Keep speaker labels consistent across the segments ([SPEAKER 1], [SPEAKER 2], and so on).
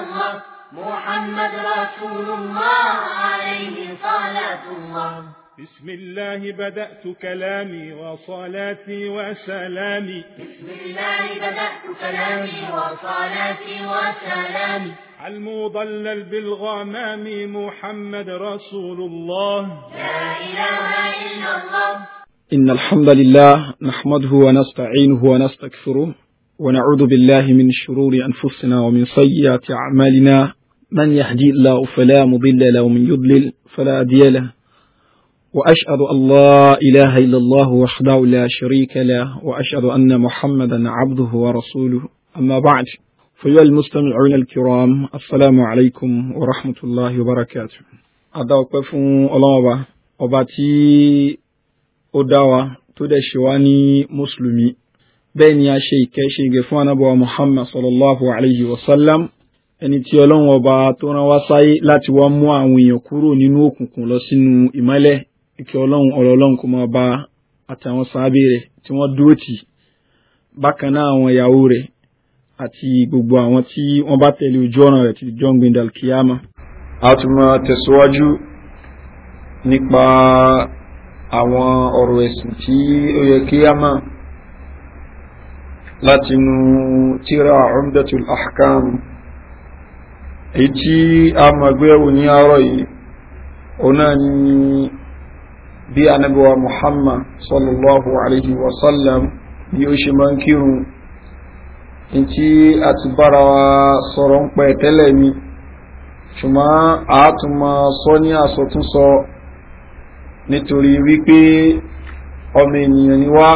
[SPEAKER 1] الله محمد رسول الله عليه صلاة الله بسم الله بدأت كلامي وصلاتي وسلامي بسم الله بدأت كلامي وصلاتي وسلامي المضلل بالغمام محمد رسول الله لا إله إلا الله إن الحمد
[SPEAKER 2] لله نحمده ونستعينه ونستكفره ونعوذ بالله من شرور أنفسنا ومن سيئات أعمالنا من يهدي الله فلا مضل له ومن يضلل فلا هادي له وأشهد أن لا إله إلا الله وحده لا شريك له وأشهد أن محمدا عبده ورسوله أما بعد فيا المستمعون الكرام السلام عليكم ورحمة الله وبركاته أدعوك فون الله وباتي أدعوة تدشواني مسلمي bẹ́ẹ̀ ni a ṣe ìkẹ́ṣe fún anábọ̀ muhammad sallallahu alayhi wa sallam ẹni tí ọlọ́run ọba tó rán wá sáyé láti wá mú àwọn èèyàn kúrò nínú òkùnkùn lọ sínú ìmọ́lẹ̀ ìkẹ́ ọlọ́run ọlọ́run kò máa bá àtàwọn sáábì rẹ̀ tí wọ́n dúró tì bákan náà àwọn ìyàwó rẹ̀ àti gbogbo àwọn tí wọ́n bá tẹ̀lé ojú ọ̀ràn rẹ̀ ti john gbendal kiyama.
[SPEAKER 3] a tún máa tẹ̀síwájú
[SPEAKER 2] nípa àwọn ọ̀rọ̀ ẹ̀sìn tí ó yẹ kí látinú tíra umdatul ahkam èyí tí a magbéwò ní àárọ̀ yìí ọ̀nà ni bí anábíwa muhammad sallallahu alaihi wasallam bí ó ṣe máa ń kírun in tí a ti bára wa sọ̀rọ̀ ń pẹ̀ tẹ́lẹ̀ mi ṣùgbọ́n a tún máa sọ ní àsọtúnsọ nítorí wípé ọmọ ènìyàn ni wá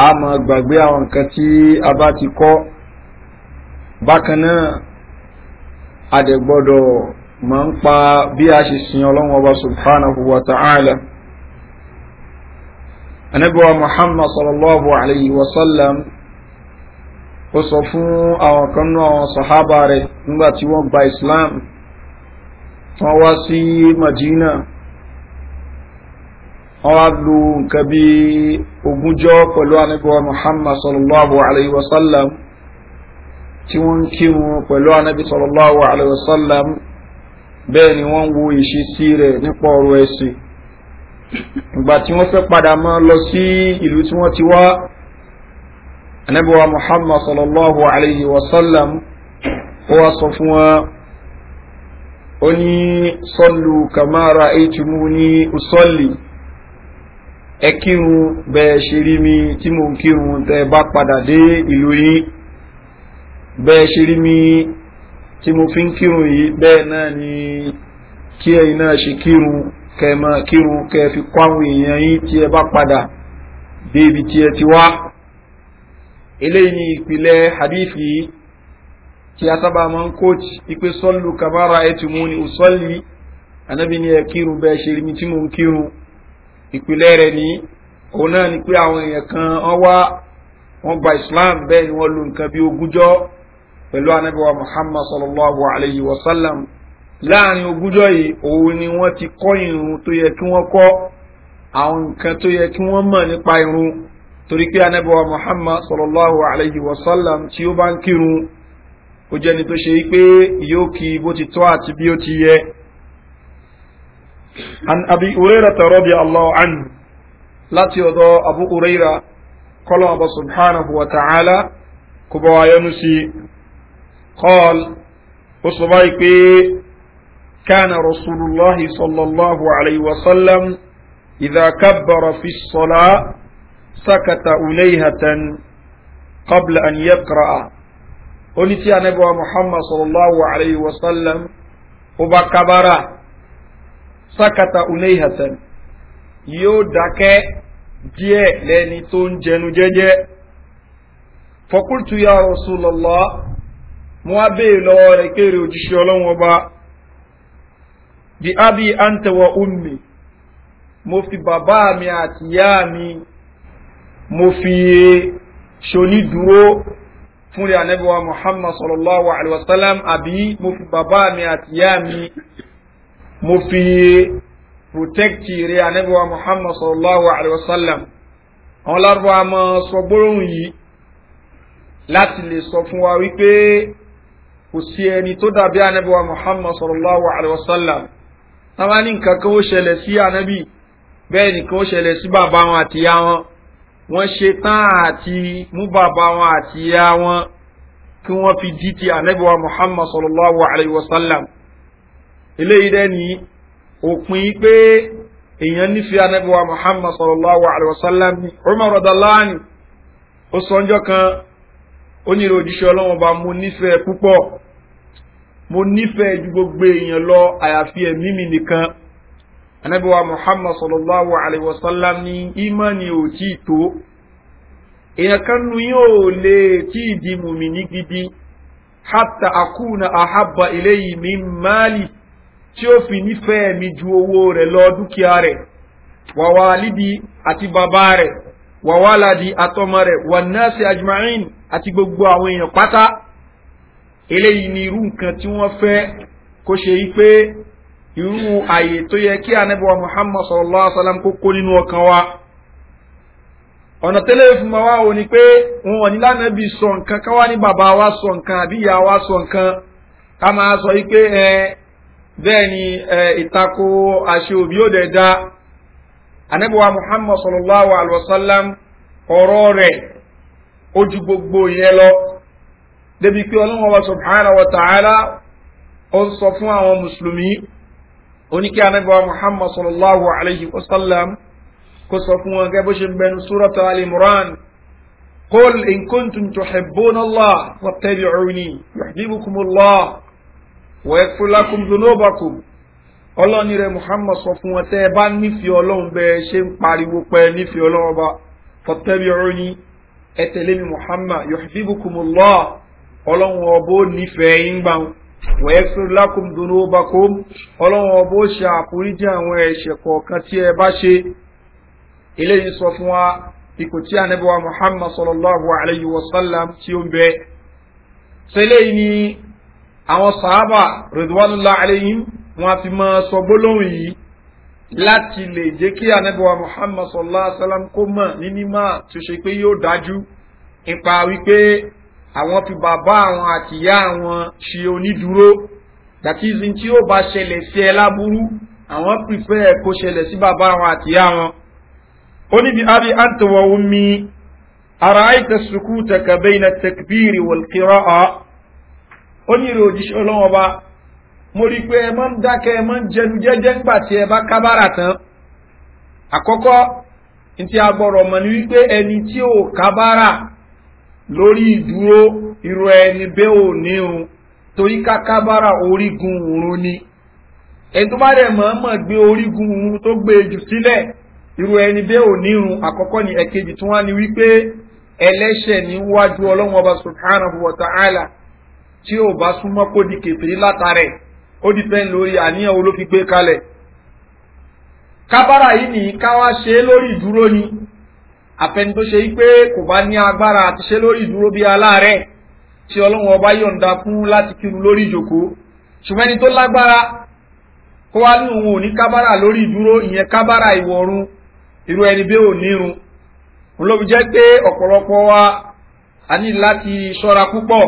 [SPEAKER 2] a ma gbàgbé àwọn nǹkan tí a bá ti kọ́ bákan náà a dẹ̀ gbọ́dọ̀ máa ń pa bí a ṣe sin ọlọ́run ọba subhanahu wa ta'ala anabiwa muhammad sallallahu alayhi wa sallam ó sọ fún àwọn kan náà àwọn sàhábà rẹ̀ nígbà tí wọ́n gba islam wọ́n wá sí madina. wọ́n wá lu nǹkan bí ogúnjọ́ pẹ̀lú anábíwá muhammad sallallahu alayhi wa sallam tí wọ́n ń kírun pẹ̀lú anábí sallallahu alayhi wa sallam bẹ́ẹ̀ ni wọ́n ń wo ìṣesí rẹ̀ nípa ọ̀rọ̀ ẹ̀sìn ìgbà tí wọ́n fẹ́ padà máa lọ sí ìlú tí wọ́n ti wá anábíwá muhammad sallallahu alayhi wa sallam ó wá sọ fún wọn ó ní sọ́lù kàmáàrà ètùmú ní usọ́lì ẹ kírun bẹ́ẹ̀ ṣe rí mi tí mo ń kírun tẹ́ bá padà dé ìlú yín bẹ́ẹ̀ ṣe rí mi tí mo fi ń kírun yìí bẹ́ẹ̀ náà ni kí ẹ̀yin náà ṣe kírun kẹ́ ẹ máa kírun kẹ́ ẹ fi kọ́ àwọn èèyàn yín tí ẹ bá padà dé ibi tí ẹ ti wá eléyìí ni ìpìlẹ̀ hadith yìí tí a sábà máa ń kóòtì ipe sọ́lù kàbára ẹ̀tùmú ni ò sọ́lì anábì ẹ kírun bẹ́ẹ̀ ṣe rí mi tí mo ń kírun ìpìlẹ̀ rẹ̀ ní òun náà ni pé àwọn èèyàn kan wọ́n wá wọ́n gba islam bẹ́ẹ̀ ni wọ́n lo nǹkan bí ogúnjọ́ pẹ̀lú anábẹ́wà muhammad sallallahu alayhi wa sallam láàrin ogúnjọ́ yìí òun ni wọ́n ti kọ́ irun tó yẹ kí wọ́n kọ́ àwọn nǹkan tó yẹ kí wọ́n mọ̀ nípa irun torí pé anábẹ́wà muhammad sallallahu alayhi wa sallam tí ó bá ń kírun ó jẹ́ni tó ṣe pé yóò kí bó ti tọ́ àti bí ó ti yẹ عن أبي ureira رضي الله عنه لا ọ̀dọ̀ أبو ureira kọ́lọ̀ أبو سبحانه وتعالى ta'ala kò قال wá كان رسول الله صلى الله عليه وسلم إذا كبر في الصلاة سكت أليهة قبل أن يقرأ قلت يا نبوة محمد صلى الله عليه وسلم أبا كبره Sakata uléhàtàn yóò dákẹ́ díẹ̀ lẹ́ni tó ń jẹnu jẹ́jẹ́ fọkúrtù ya rọ̀sùlọ́lá mo wá béèrè lọ́wọ́ rẹ̀ kéré òjíṣẹ́ ọlọ́run ọba bí ábí àǹtẹ̀wọ̀ umi mo fi bàbá mi àti ìyá mi mo fi ṣonídúró fúnri ànẹ́bíwá muhammad sallallahu alaihi wasallam àbí mo fi bàbá mi àti ìyá mi mo fi protect rẹ anabiwa muhammad sallallahu alayhi wa sallam àwọn lárúbáwá máa sọ gbólóhùn yìí láti lè sọ fún wa wípé kò sí ẹni tó dàbí anabiwa muhammad sallallahu alayhi wa sallam táwa ní nǹkan kan ó ṣẹlẹ̀ sí anabi bẹ́ẹ̀ nìkan ó ṣẹlẹ̀ sí bàbá wọn àti ìyá wọn wọ́n ṣe tán àti mú bàbá wọn àti ìyá wọn kí wọ́n fi dí anabiwa muhammad sallallahu alayhi wa sallam. eléyìí dẹ́ ni òpin pé èèyàn nífẹ̀ẹ́ anábíwá muhammad sallallahu alayhi wa sallam ni umar radalani ó sọ́njọ́ kan ó nílò òjíṣẹ́ ọlọ́wọ́n bá mo nífẹ̀ẹ́ púpọ̀ mo nífẹ̀ẹ́ ju gbogbo èèyàn lọ àyàfi ẹ̀mí mi nìkan anábíwá muhammad sallallahu alayhi wa sallam ni imani ò tí ì tó èèyàn kan nu yóò lè tí ì di mùmí ní gidi hàtà àkúnà àhábà eléyìí mi máàlì. tí ó fi nífẹ̀ẹ́ mi ju owó rẹ̀ lọ dúkìá rẹ̀ wàwà lídi àti bàbá rẹ̀ wàwà ládi àtọmọ rẹ̀ wà nọ́ọ̀sì ajmarin àti gbogbo àwọn èèyàn pátá eléyìí ni irú nǹkan tí wọ́n fẹ́ kó ṣe yí pé irú àyè tó yẹ kí anábíwá muhammad sallallahu alaihi wa sallam kó kó nínú ọkàn wa ọ̀nà tẹ́lẹ̀ fún ma wá o ni pé wọn ò ní lánàá bí sọ káwá ní bàbá wa sọ nǹkan àbí ìyá wa sọ nǹkan ká máa sọ yí pé ẹ bẹ́ẹ̀ ni ìtako àṣẹ òbí ó dẹ̀ da anábíwá muhammad sallallahu alaihi wasallam ọ̀rọ̀ rẹ̀ ojú gbogbo yẹn lọ débi pé ọlọ́wọ́n wa subhanahu wa ta'ala ó ń sọ fún àwọn mùsùlùmí oníkí anábíwá muhammad sallallahu alaihi wasallam kó sọ fún wọn gẹ́gẹ́ bó ṣe ń bẹnu súrọ́tà alimuran قل إن كنتم تحبون الله فاتبعوني يحببكم الله wẹ́ẹ́fù lákùn dùnúbàkùn ọlọ́ni rẹ̀ muhammad sọ fún wọn tẹ́ ẹ bá nífẹ̀ẹ́ ọlọ́run bẹ́ẹ̀ ṣe ń pariwo pẹ́ nífẹ̀ẹ́ ọlọ́run ọba fọtẹ́bí ọ̀run ẹ tẹ̀lé mi muhammad yọ̀hìbùkùmùlọ́ ọlọ́run nífẹ̀ẹ́ yín gbà wẹ́ẹ́fù lákùn ọlọ́run ṣe àforíjì àwọn ẹ̀ṣẹ̀ kọ̀ọ̀kan tí ẹ bá ṣe eléyìí sọ fún wa ipò tí anabiwa muhammad sallallahu wa àwọn sàábà rẹ̀dùwánúlá àlẹ́yìn wọn fi máa sọ gbólóhùn yìí láti lè jẹ́ kí anábíwá muhammad sallallahu alaihi wasallam kó mọ̀ ní mímọ́ tó ṣe pé yóò dájú ipa wípé àwọn fi bàbá àwọn àtìyá àwọn ṣe onídùúró dàtí ìsìn tí ó bá ṣẹlẹ̀ sí ẹ láburú àwọn pìfẹ́ kó ṣẹlẹ̀ sí bàbá àwọn àtìyá wọn ó níbi abi àtọwọ́ omi ara àìtẹ̀sùkú tẹ̀kẹ̀bẹ́ iná tẹ̀kbírì ọ́ ó ní òjíṣẹ́ ọlọ́wọ́n ọba mo rí i pé ẹ máa ń dákẹ́ ẹ máa ń jẹnu jẹ́jẹ́ ńgbà tí ẹ bá kábàrà tán àkọ́kọ́ ní ti agbọ̀rọ̀ mọ̀ ni wípé ẹni tí ò kábàrà lórí ìdúró ìrò ẹni bẹ́ẹ̀ ò ní o torí ká kábàrà orígun òrun ni ẹni tó bá dẹ̀ mọ̀ọ́mọ̀ gbé orígun òrun tó gbé jù sílẹ̀ irú ẹni bẹ́ẹ̀ ò nírun àkọ́kọ́ ni ẹ̀kejì tí wọ́n á ní wípé ẹlẹ́ṣẹ̀ níwájú ọlọ́run ọba subhanahu wa ta'ala tí ò bá súnmọ́ kó di kèfèrí látàrẹ̀ ó di pẹ́ lórí àníyàn wo ló fi gbé kalẹ̀ kábàrà yìí nìyí ká wá ṣe lórí ìdúró ni àfẹni tó ṣe yí pé kò bá ní agbára àti ṣe lórí ìdúró bí aláàárẹ̀ tí ọlọ́run ọba yọ̀ǹda fún láti kírun lórí ìjòkóó ṣùgbọ́n ẹni tó lágbára kó wá ní òun ò ní kábàrà lórí ìdúró ìyẹn kábàrà ìwọ̀run irú ẹni bẹ́ẹ̀ ò nírun òun ló fi jẹ́ pé ọ̀pọ̀lọpọ̀ wa a ní láti ṣọ́ra púpọ̀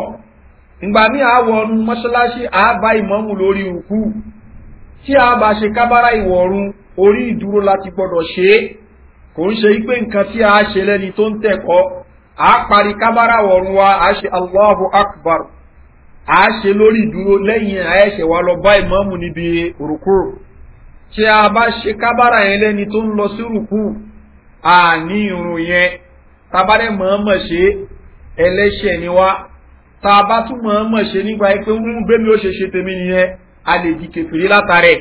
[SPEAKER 2] ìgbà ní àwọ̀run mọ́ṣáláṣí àbá ìmọ̀mù lórí òkú tí a bá ṣe kábára ìwọ̀run orí ìdúró láti gbọ́dọ̀ ṣe é kò ń ṣe pé nǹkan tí a ṣe lẹ́ni tó ń tẹ̀kọ́ a parí kábára ìwọ̀run wa a ṣe allahu akbar a ṣe lórí ìdúró lẹ́yìn àẹ́ṣẹ̀ wa lọ bá ìmọ̀mù níbi òrùkú tí a bá ṣe kábára yẹn lẹ́ni tó ń lọ sí òrùkú àní irun yẹn tabadẹ́ mọ̀ọ́mọ̀ ṣe ẹlẹ́ṣẹ̀ ni wá tá a bá tún mọ̀ mọ̀ ṣe nígbà yìí pé ń bẹ́mi ó ṣe ṣe tèmi nìyẹn a lè di kẹfìrí látàrẹ̀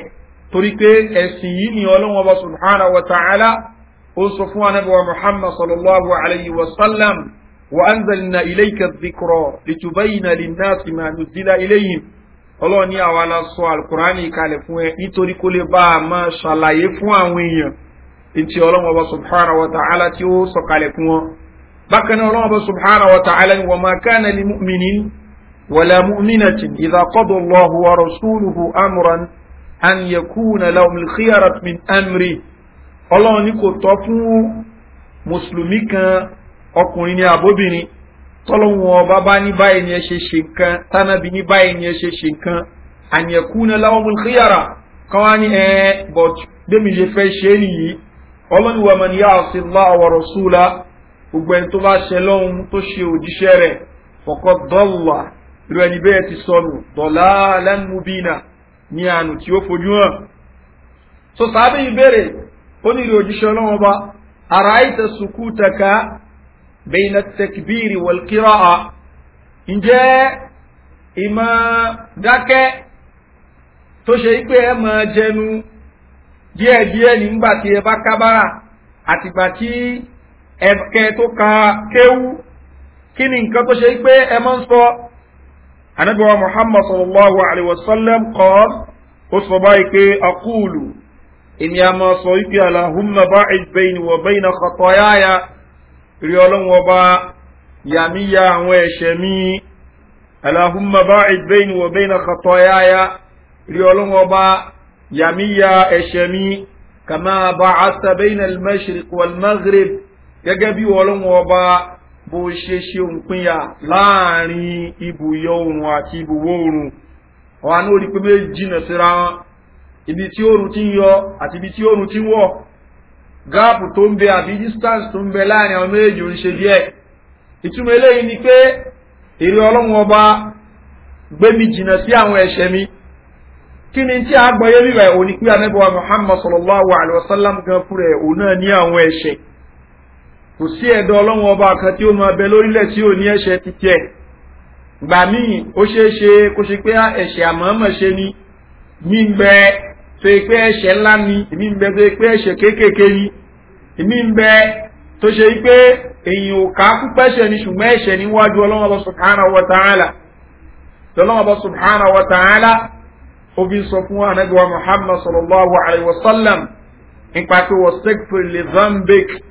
[SPEAKER 2] torí pé ẹ̀sìn yìí ni ọlọ́wọ́n ọba subhanahu wa ta'ala ó sọ fún anábíwá muhammad sallallahu alayhi wa sallam wa anzalina ilayka dhikra litubayina linnasi ma nuzila ilayhim ọlọ́run ní àwa la sọ alukurani kalẹ̀ fún ẹ nítorí kó lè bá a máa ṣàlàyé fún àwọn èèyàn ètò ọlọ́run ọba subhanahu wa ta'ala tí ó sọ kalẹ̀ fún wọn bákan náà ọlọ́wọ́ bá subhanahu wa ta'ala ni wọ́n máa kánà lè múmìnì wàlá múmìnàtì ìdàkọ́dọ̀ lọ́hu wa rasuluhu amuran an yẹ kúnà láwùmí khiyarat min amri ọlọ́wọ́ ni kò tọ́ fún mùsùlùmí kan ọkùnrin ni àbóbìnrin tọ́lọ́wọ́n ọba bá ní báyìí ni ẹ ṣe ṣe nǹkan tánàbí ní báyìí ni ẹ ṣe ṣe nǹkan an yẹ kúnà láwùmí kan wá ní ẹ bọ̀t gbẹ̀mí ṣe fẹ́ ṣe é nìyí ọlọ́ni wàmọ̀ ni yá àṣìlá àwọ̀rọ̀ súlá gbogbo ẹni tó bá ṣe lọ́hun tó ṣe òjíṣẹ́ rẹ̀ fọkọ dọ́là irú ẹni bẹ́ẹ̀ ti sọnù dọ̀là lẹ́nubínà ní àánú tí ó fojú hàn. so sábẹ́ ìbéèrè ó ní ìrò òjíṣẹ́ ọlọ́wọ́n bá ara ìtẹ̀ sùkú tẹ̀ka bẹ́ẹ̀nà tẹ̀kbírì wọ̀lkírà á ǹjẹ́ ìmọ̀ dákẹ́ tó ṣe pé ẹ máa jẹnu díẹ̀díẹ̀ nígbà tí ẹ bá kábàrà àtìgbà tí ẹ̀kẹ́ tó ka kéwú kí ni nǹkan tó ṣe pé ẹ máa ń sọ anábíwá muhammad sallallahu alaihi wasallam kọ́ ó sọ báyìí pé akúlù èmi a máa sọ wípé aláhùnmá bá ìgbẹ́yìn wọ̀ bẹ́yìn ọkọ̀ yáyà rí ọlọ́wọ́ bá yàmíyà àwọn ẹ̀ṣẹ̀ mi aláhùnmá bá ìgbẹ́yìn wọ̀ bẹ́yìn ọkọ̀ yáyà rí ọlọ́wọ́ bá yàmíyà ẹ̀ṣẹ̀ mi kàmá bá bẹ́yìn almashriq walmaghrib gẹ́gẹ́ bí ọlọ́run ọba bó ṣe ṣe òǹpinya láàrin ibùyọ oòrùn àti ibùwọ oòrùn ọ̀hán ní orí pé méjì jìnà síra wọn ibi tí oòrùn ti ń yọ àti ibi tí oòrùn ti ń wọ̀ gáàpù tó ń bẹ àbí distance tó ń bẹ láàrin àwọn méjì ń ṣe díẹ̀ ìtumọ̀ eléyìí ni pé èrè ọlọ́run ọba gbé mi jìnà sí àwọn ẹ̀ṣẹ̀ mi kí ni tí a gbọ́ yé bíbẹ̀ òní pé anábọ̀ muhammad sallallahu alayhi wa sallam gan fúnra ẹ̀ òun náà ní àwọn ẹ̀ṣẹ̀ kò sí ẹ̀dọ́ ọlọ́run ọba kan tí ó máa bẹ lórílẹ̀ tí ò ní ẹ̀ṣẹ̀ títí ẹ̀ gbà míì ó ṣeé ṣe kó ṣe pé ah, ẹ̀ṣẹ̀ àmọ́mọ̀ ṣe ni mí ń bẹ tó yẹ pé ẹ̀ṣẹ̀ ńlá ni èmi ń bẹ tó yẹ pé ẹ̀ṣẹ̀ kéékèèké ni èmi ń bẹ tó ṣe pé èyàn ò ká púpẹ́ ṣẹ̀ ni ṣùgbọ́n ẹ̀ṣẹ̀ níwájú ọlọ́run ọba subhanahu ta'ala ọlọ́run ọba subhanahu wa ta'ala obi sọ fún muhammad sallallahu alayhi wa sallam nípa pé wọ́n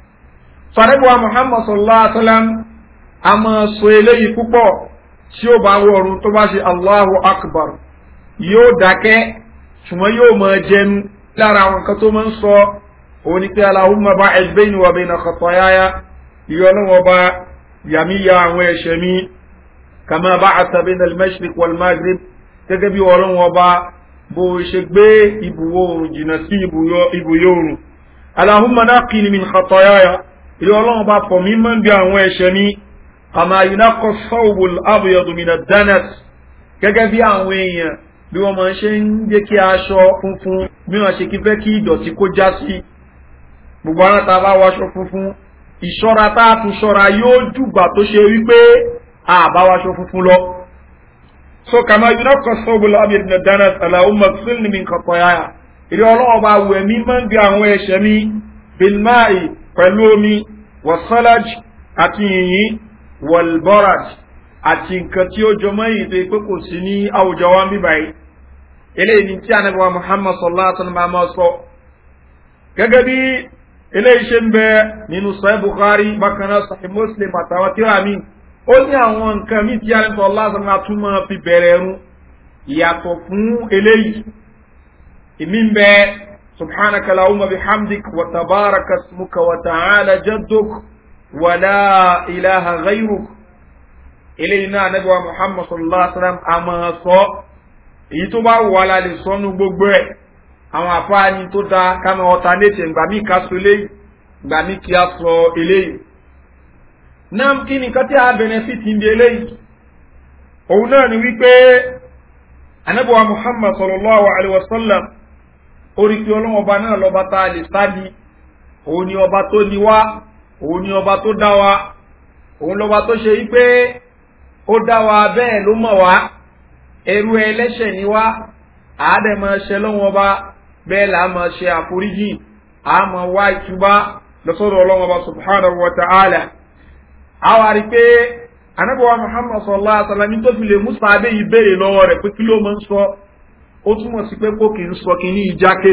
[SPEAKER 2] sọ̀rẹ́bùwà muhammad sallallahu alaihi wasallam a máa so eléyìí púpọ̀ tí ó bá wọ̀run tó bá ṣe allahu akbar yóò dákẹ́ ṣùgbọ́n yóò máa jẹnu lára àwọn kan tó máa ń sọ òun ni pé aláhùnmá bá ẹgbẹ́ ìwà bẹ́ẹ̀ na kọ̀tọ̀ yáyá ìyọlọ́wọ́ bá yàmíyà àwọn ẹ̀ṣẹ̀ mi kàmá bá àtàbí nà mẹ́ṣíríkì wal magrib gẹ́gẹ́ bí ọlọ́wọ́ bá bó ṣe gbé ibùwọ̀ òrùn jìnnà sí ibùyọ̀ òrùn aláhùnmá náà kì í ni mi kọ̀tọ̀ yáyá ilé ọlọ́run bá fọ̀ mí máa ń bí àwọn ẹ̀ṣẹ̀ mi àmà àyùnákọ̀ sọ́ọ̀bù àbùyọ̀dùmínà dánẹ́t gẹ́gẹ́ bí àwọn èèyàn bí wọ́n máa ń ṣe ń jẹ́ kí aṣọ funfun bí wọ́n ṣe kí fẹ́ kí ìdọ̀tí kó já sí gbogbo ara ta bá waṣọ funfun ìṣọ́ra tá a tún ṣọ́ra yóò dùgbà tó ṣe wípé àbá waṣọ funfun lọ. so kàmá àyùnákọ̀ sọ́ọ̀bù àbùyọ̀dùmínà dánẹ́t àlàó mọ̀sílì mi kọ̀kọ̀ yáyà ilé ọlọ́run bá wẹ̀ mí máa ń bí àwọn ẹ̀ṣẹ̀ mi bílmáì pẹ̀lú omi ati àti yìnyín walboraj àti nǹkan tí ó jọmọ́ yìí tó pé kò sí ní àwùjọ wa ń bí eléyìí ni tí anabiwa muhammad sallallahu alaihi wa sọ gẹ́gẹ́ bí eléyìí ṣe ń bẹ nínú sọ́yìn buhari bákan sọ́yìn muslim àtàwọn tíra mi ó ní àwọn nǹkan mi tí anabiwa sallallahu alaihi wa fi bẹ̀rẹ̀ ẹ̀rù yàtọ̀ fún eléyìí سبحانك اللهم بحمدك وتبارك اسمك وتعالى جدك ولا إله غيرك إلينا نبوى محمد صلى الله عليه وسلم أما صو يتوبا ولا لسون بوبوي àwọn àfáàní tó dáa kámi ọta létí ìgbà mí ká so eléyìí ìgbà mí kí á sọ eléyìí náà kí ni kọ́tí a benefit ń bi eléyìí òun náà ni wípé anábọ̀wá muhammad sallallahu alaihi wa sallam orí pé ọlọ́mọba náà lọ́ba tá a lè sá ni òun ni ọba tó ni wá òun ni ọba tó dá wa òun lọ́ba tó ṣe yí pé ó dá wa bẹ́ẹ̀ ló mọ̀ wá ẹrú ẹlẹ́ṣẹ̀ ni wá àádẹ́ máa ṣe lọ́wọ́ ọba bẹ́ẹ̀ là á máa ṣe àforíjì á subhanahu wa ta'ala pé anábọ̀wá ó túmọ̀ sí pé kó kì í sọ kínní ìjákè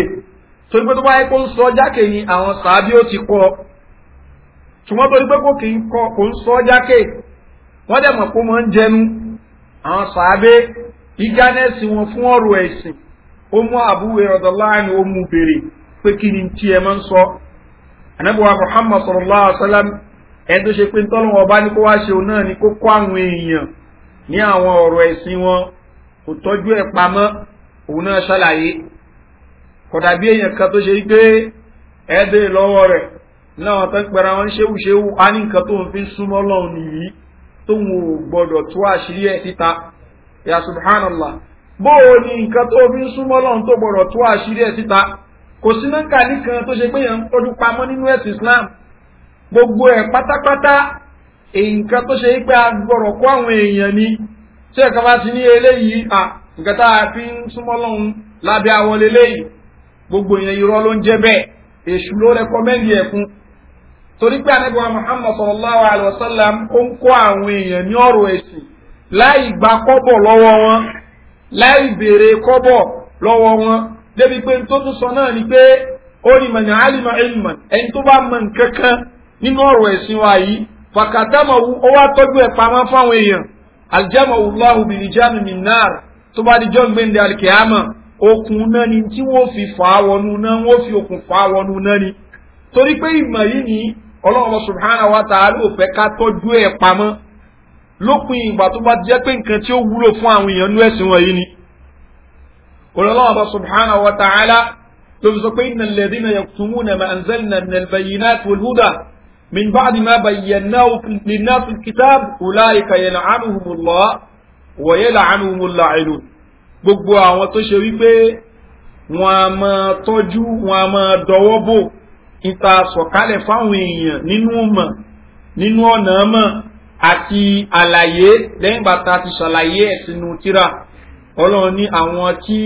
[SPEAKER 2] torí pé tó bá yẹ kó ń sọ jákè ni àwọn sàábí ó ti kọ ṣùgbọ́n torí pé kó kì í kọ kó ń sọ jákè wọ́n dẹ̀ mọ̀ pé wọ́n ń jẹnu àwọn sàábé ìgánẹ́sì wọn fún ọ̀rọ̀ ẹ̀sìn ó mú àbúwé ọ̀dọ̀ láàrin ó mú bèrè pé kí ni tí ẹ máa ń sọ anábíwá muhammad sallallahu alaihi wa sallam ẹni tó ṣe pé ntọ́lọ́ wọn bá ní kó wá ṣe òun náà ni kó kọ́ àwọn èèyàn ní àwọn ọ̀rọ̀ ẹ̀sìn wọn kò tọ́jú ẹ̀ pamọ́ òun náà ṣàlàyé kọ̀dà bí èèyàn kan tó ṣe gbé ẹ̀ẹ́dẹ̀ lọ́wọ́ rẹ̀ náà tó ń pẹ̀ra wọn ṣéwúṣéwú á ní nǹkan tó ń fi súnmọ́ lọ́hùn nìyí tóun ò gbọ́dọ̀ tú àṣírí ẹ̀ síta ya subhanallah bó o ní nǹkan tó fi ń súnmọ́ lọ́hùn tó gbọ́dọ̀ tú àṣírí ẹ̀ síta kò sí nọ́ńkà nìkan tó ṣe pé èèyàn ń tọ́jú pamọ́ nínú ẹ̀sìn islam gbogbo ẹ̀ pátápátá nǹkan tó ṣe pé a gbọ́dọ̀ kó àwọn èèyàn ni tí ẹ̀ka bá ti ní eléyìí nǹkan tá a fi ń súnmọ́ lọ́hún lábẹ́ àwọn lélẹ́yìí gbogbo èèyàn irọ́ ló ń jẹ́ bẹ́ẹ̀ èṣù ló rẹkọmẹ́ndì ẹ̀kún torí pé anábìwá muhammad sallallahu alayhi wa sallam ó ń kó àwọn èèyàn ní ọ̀rọ̀ ẹ̀sìn láì gba kọ́bọ̀ lọ́wọ́ wọn láì béèrè kọ́bọ̀ lọ́wọ́ wọn débi pé tó tún sọ náà ni pé ó ní mọ̀nyá alima ilman ẹni tó bá mọ nǹkan kan nínú ọ̀rọ̀ ẹ̀sìn wa yìí fàkàtàmọ̀ ó wá tọ́jú ẹ̀ pamọ́ fáwọn èèyàn aljama allahu bilijan minnar tó bá di jọ́gbìn di alikiyama okùn náà ni tí wọ́n fi fà á wọnú náà wọ́n fi okùn fà á wọnú náà ni torí pé ìmọ̀ yìí ni ọlọ́run subhana wa ta ló fẹ́ ká tọ́jú ẹ̀ pamọ́ lópin ìgbà tó bá jẹ́ pé nǹkan tí ó wúlò fún àwọn èèyàn ní ẹ̀sìn wọ̀nyí ni ọlọ́run subhana wa ta'ala ló fi sọ pé iná lẹ́dí náà yàtúmú náà máa ń zẹ́lì nà bẹ̀yìn náà tó lùdà min bá di máa bẹ̀yẹ̀ náà lè náà fi kitaabu ọláyìí kàyẹ̀ náà àmì hùmùlọ́ọ̀ wọ̀nyẹ́ làánú mu làánú gbogbo àwọn tó ṣe wípé wọn a máa tọ́jú wọn a máa dọwọ́ bò níta sọ̀kálẹ̀ fáwọn èèyàn nínú mọ̀ nínú ọ̀nà mọ̀ àti àlàyé lẹ́yìn bàtà ti ṣàlàyé ẹ̀ sínú tíra ọlọ́run ní àwọn tí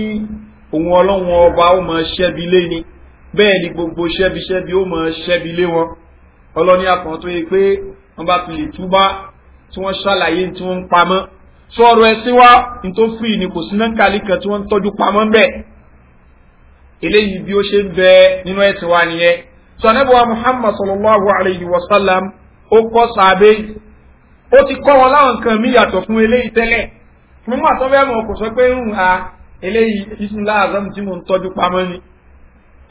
[SPEAKER 2] òun ọlọ́run ọba ó mọ ṣẹ́bi lé ni bẹ́ẹ̀ ni gbogbo ṣẹ́bi-ṣẹ́bi ó mọ ṣẹ́bi lé wọn ọlọ́ni àkàn tó yẹ pé wọ́n bá fi lè túbá tí wọ́n ṣàlàyé tí wọ́n ń pamọ́ sọ ọ̀rọ̀ ẹ̀sìn wa ní tó fìrì ni kò sí náǹkàlì kan tí wọ́n ń tọ́jú pamọ́ ń bẹ̀ eléyìí bí ó ṣe ń bẹ nínú ẹ̀sìn wa nìyẹn sọ anábọ̀wá muhammad sallallahu alayhi wa sallam ó kọ́ sàbẹ̀ ó ti kọ́ wọn láwọn nǹkan mí yàtọ̀ fún eléyìí tẹ́lẹ̀ fún mọ́ àtọ́fẹ́ mọ̀ kò sọ pé ń hmm, ha eléyìí ìsúnlá àzọ́m tí mo ń tọ́jú pamọ́ ni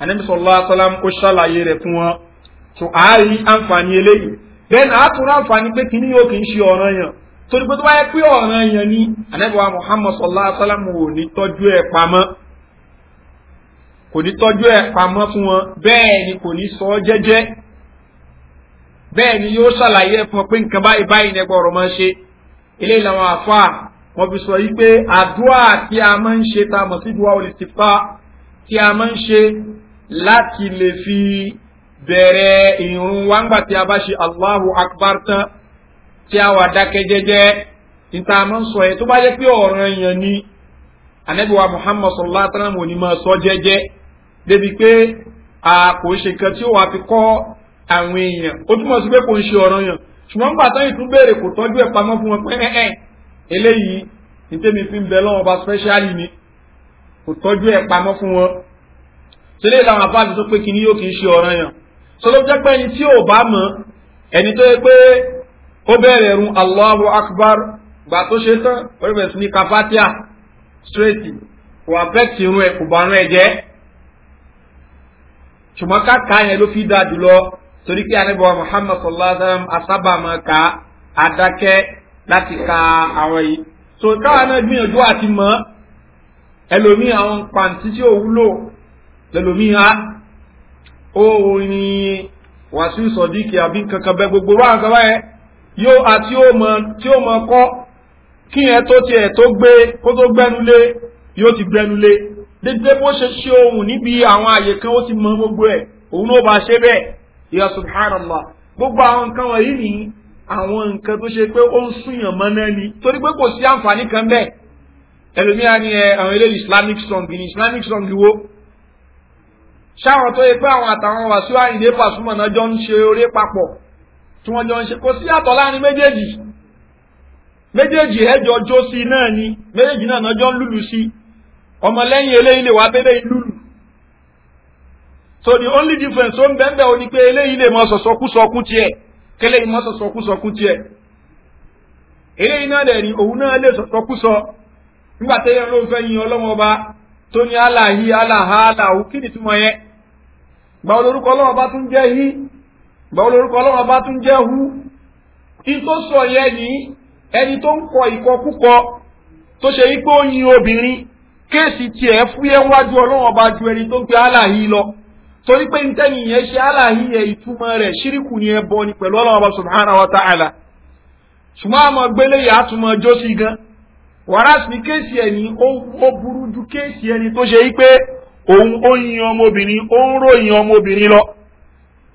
[SPEAKER 2] anábì sallallahu alayhi wa sallam ó ṣàlàyé rẹ̀ fún wọn tó àárín àǹfààní eléyìí bẹ́ẹ̀ ni àtúrò àǹfààní pé kìíní yóò kì í ṣe ọ̀ràn yàn torí pé tó bá yẹ pé ọ̀ràn yẹn ni anabiwa muhammad sallallahu alaihi wa sallam ò ní tọ́jú ẹ̀ pamọ́ kò ní tọ́jú ẹ̀ pamọ́ fún wọn bẹ́ẹ̀ ni kò ní sọ ọ́ jẹ́jẹ́ bẹ́ẹ̀ ni yóò ṣàlàyé fún ọ pé nǹkan báyìí báyìí nẹ́gbọ́ ọ̀rọ̀ máa ń ṣe eléyìí làwọn àfa wọn fi sọ yìí pé àdúrà tí a máa ń ṣe tá mọ̀ sí ìdúrà olùsìfà tí a máa ń ṣe láti lè fi bẹ̀rẹ̀ ìrún wáńgbà tí a bá ṣe allahu akbar tán tí a wà dákẹ́ jẹ́jẹ́ níta a máa ń sọ yẹn tó bá yẹ pé ọ̀ràn èèyàn ni anabiwa muhammad sallallahu alaihi wa sallam ò máa sọ jẹ́jẹ́ débi pé a kò ṣe nǹkan tí ó wàá fi kọ́ àwọn èèyàn ó túmọ̀ sí pé kò ń ṣe ọ̀ràn yàn ṣùgbọ́n gbà tán ìtún béèrè kò tọ́jú ẹ̀ pamọ́ fún wọn pé ẹ̀ ẹ̀ eléyìí ní tèmi fi ń bẹ lọ́wọ́ ọba special ni kò tọ́jú ẹ̀ pamọ́ fún wọn sílẹ̀ làwọn afáàbí tó pé kí ni yóò kì í ṣe ọ̀ràn yàn sọlọ́jọ́ pé ẹni tí ò bá mọ̀ ẹni tó yẹ pé ó bẹ̀rẹ̀ run allahu akbar gbà tó ṣe tán wọ́n bẹ̀rẹ̀ ní kapatia straight kò affect irun ẹ̀ kò bàrún ẹ̀ jẹ́ ṣùgbọ́n káka yẹn ló fi dá jùlọ torí anábọ̀ sallallahu ka adákẹ́ láti ka àwọn yìí so káwa náà gbìyànjú àti mọ́ ẹlòmí àwọn pàǹtí tí ò wúlò ha ó ní wàásù sọ̀díkì àbí kankan bẹ gbogbo wà báyẹn. yóò àti tí ó mọ kọ́ kí yẹn tó tiẹ̀ tó gbé kó tó gbẹ́nulé yóò ti gbẹ́nulé dédé bó ṣe ṣe ohun níbi àwọn àyè kan ó ti mọ gbogbo ẹ̀ òun ló bá ṣe bẹ́ẹ̀ ìyá subhanallah gbogbo àwọn nǹkan wọ̀nyí ni àwọn nǹkan tó ṣe pé ó ń súnyàn mọ́ náà ni torí pé kò sí àǹfààní kan bẹ́ẹ̀ ẹlòmíà ni àwọn eléyìí islamic song ni islamic song wo ṣáwọn tó yẹ pé àwọn àtàwọn wàásù àyìnlé pàṣùmọ̀ náà jọ ń ṣe eré papọ̀ tí wọ́n jọ ń ṣe kò sí àtọ̀ láàrin méjèèjì méjèèjì ẹjọ́ jó sí náà ni méjèèjì náà náà jọ ń lùlù sí ọmọlẹ́yìn eléyìí lè wá so the only difference ó ń bẹ́ẹ̀ ó ní pé eléyìí lè mọ sọ̀sọ̀kúsọ̀kú tiẹ̀ kẹlẹ́yìí mọ sọ̀sọ̀kúsọ̀kú tiẹ̀ eléyìí náà dẹ̀ ni òun náà lè sọ̀sọ̀kúsọ nígbà tẹ́yẹ ló ń fẹ́ yin ọlọ́wọ́n ọba tó ní aláhi aláha aláhu kí ni túmọ̀ yẹn gbà olórúkọ ọba tún jẹ́ gbà olórúkọ ọlọ́run bá tún jẹ́ hu in tó sọ yẹn ní ẹni tó ń kọ ìkọkúkọ tó ṣe wípé ó yin obìnrin kéèsì tiẹ̀ fúyẹ́ wájú ọlọ́run ọba ju ẹni tó ń pe aláhi lọ torí pé ntẹ́ni yẹn ṣe aláhi yẹn ìtumọ̀ rẹ̀ ṣíríkù ni ẹ bọ ni pẹ̀lú ọlọ́run ọba subhanahu wa ta'ala ṣùgbọ́n àmọ́ gbélé yà á tún mọ ọjọ́ sí gan wàrà sí kéèsì ẹni ó burú ju kéèsì ẹni tó ṣe wípé òun ó yin ọmọbìnrin ó ń ròyìn ọmọbìnrin lọ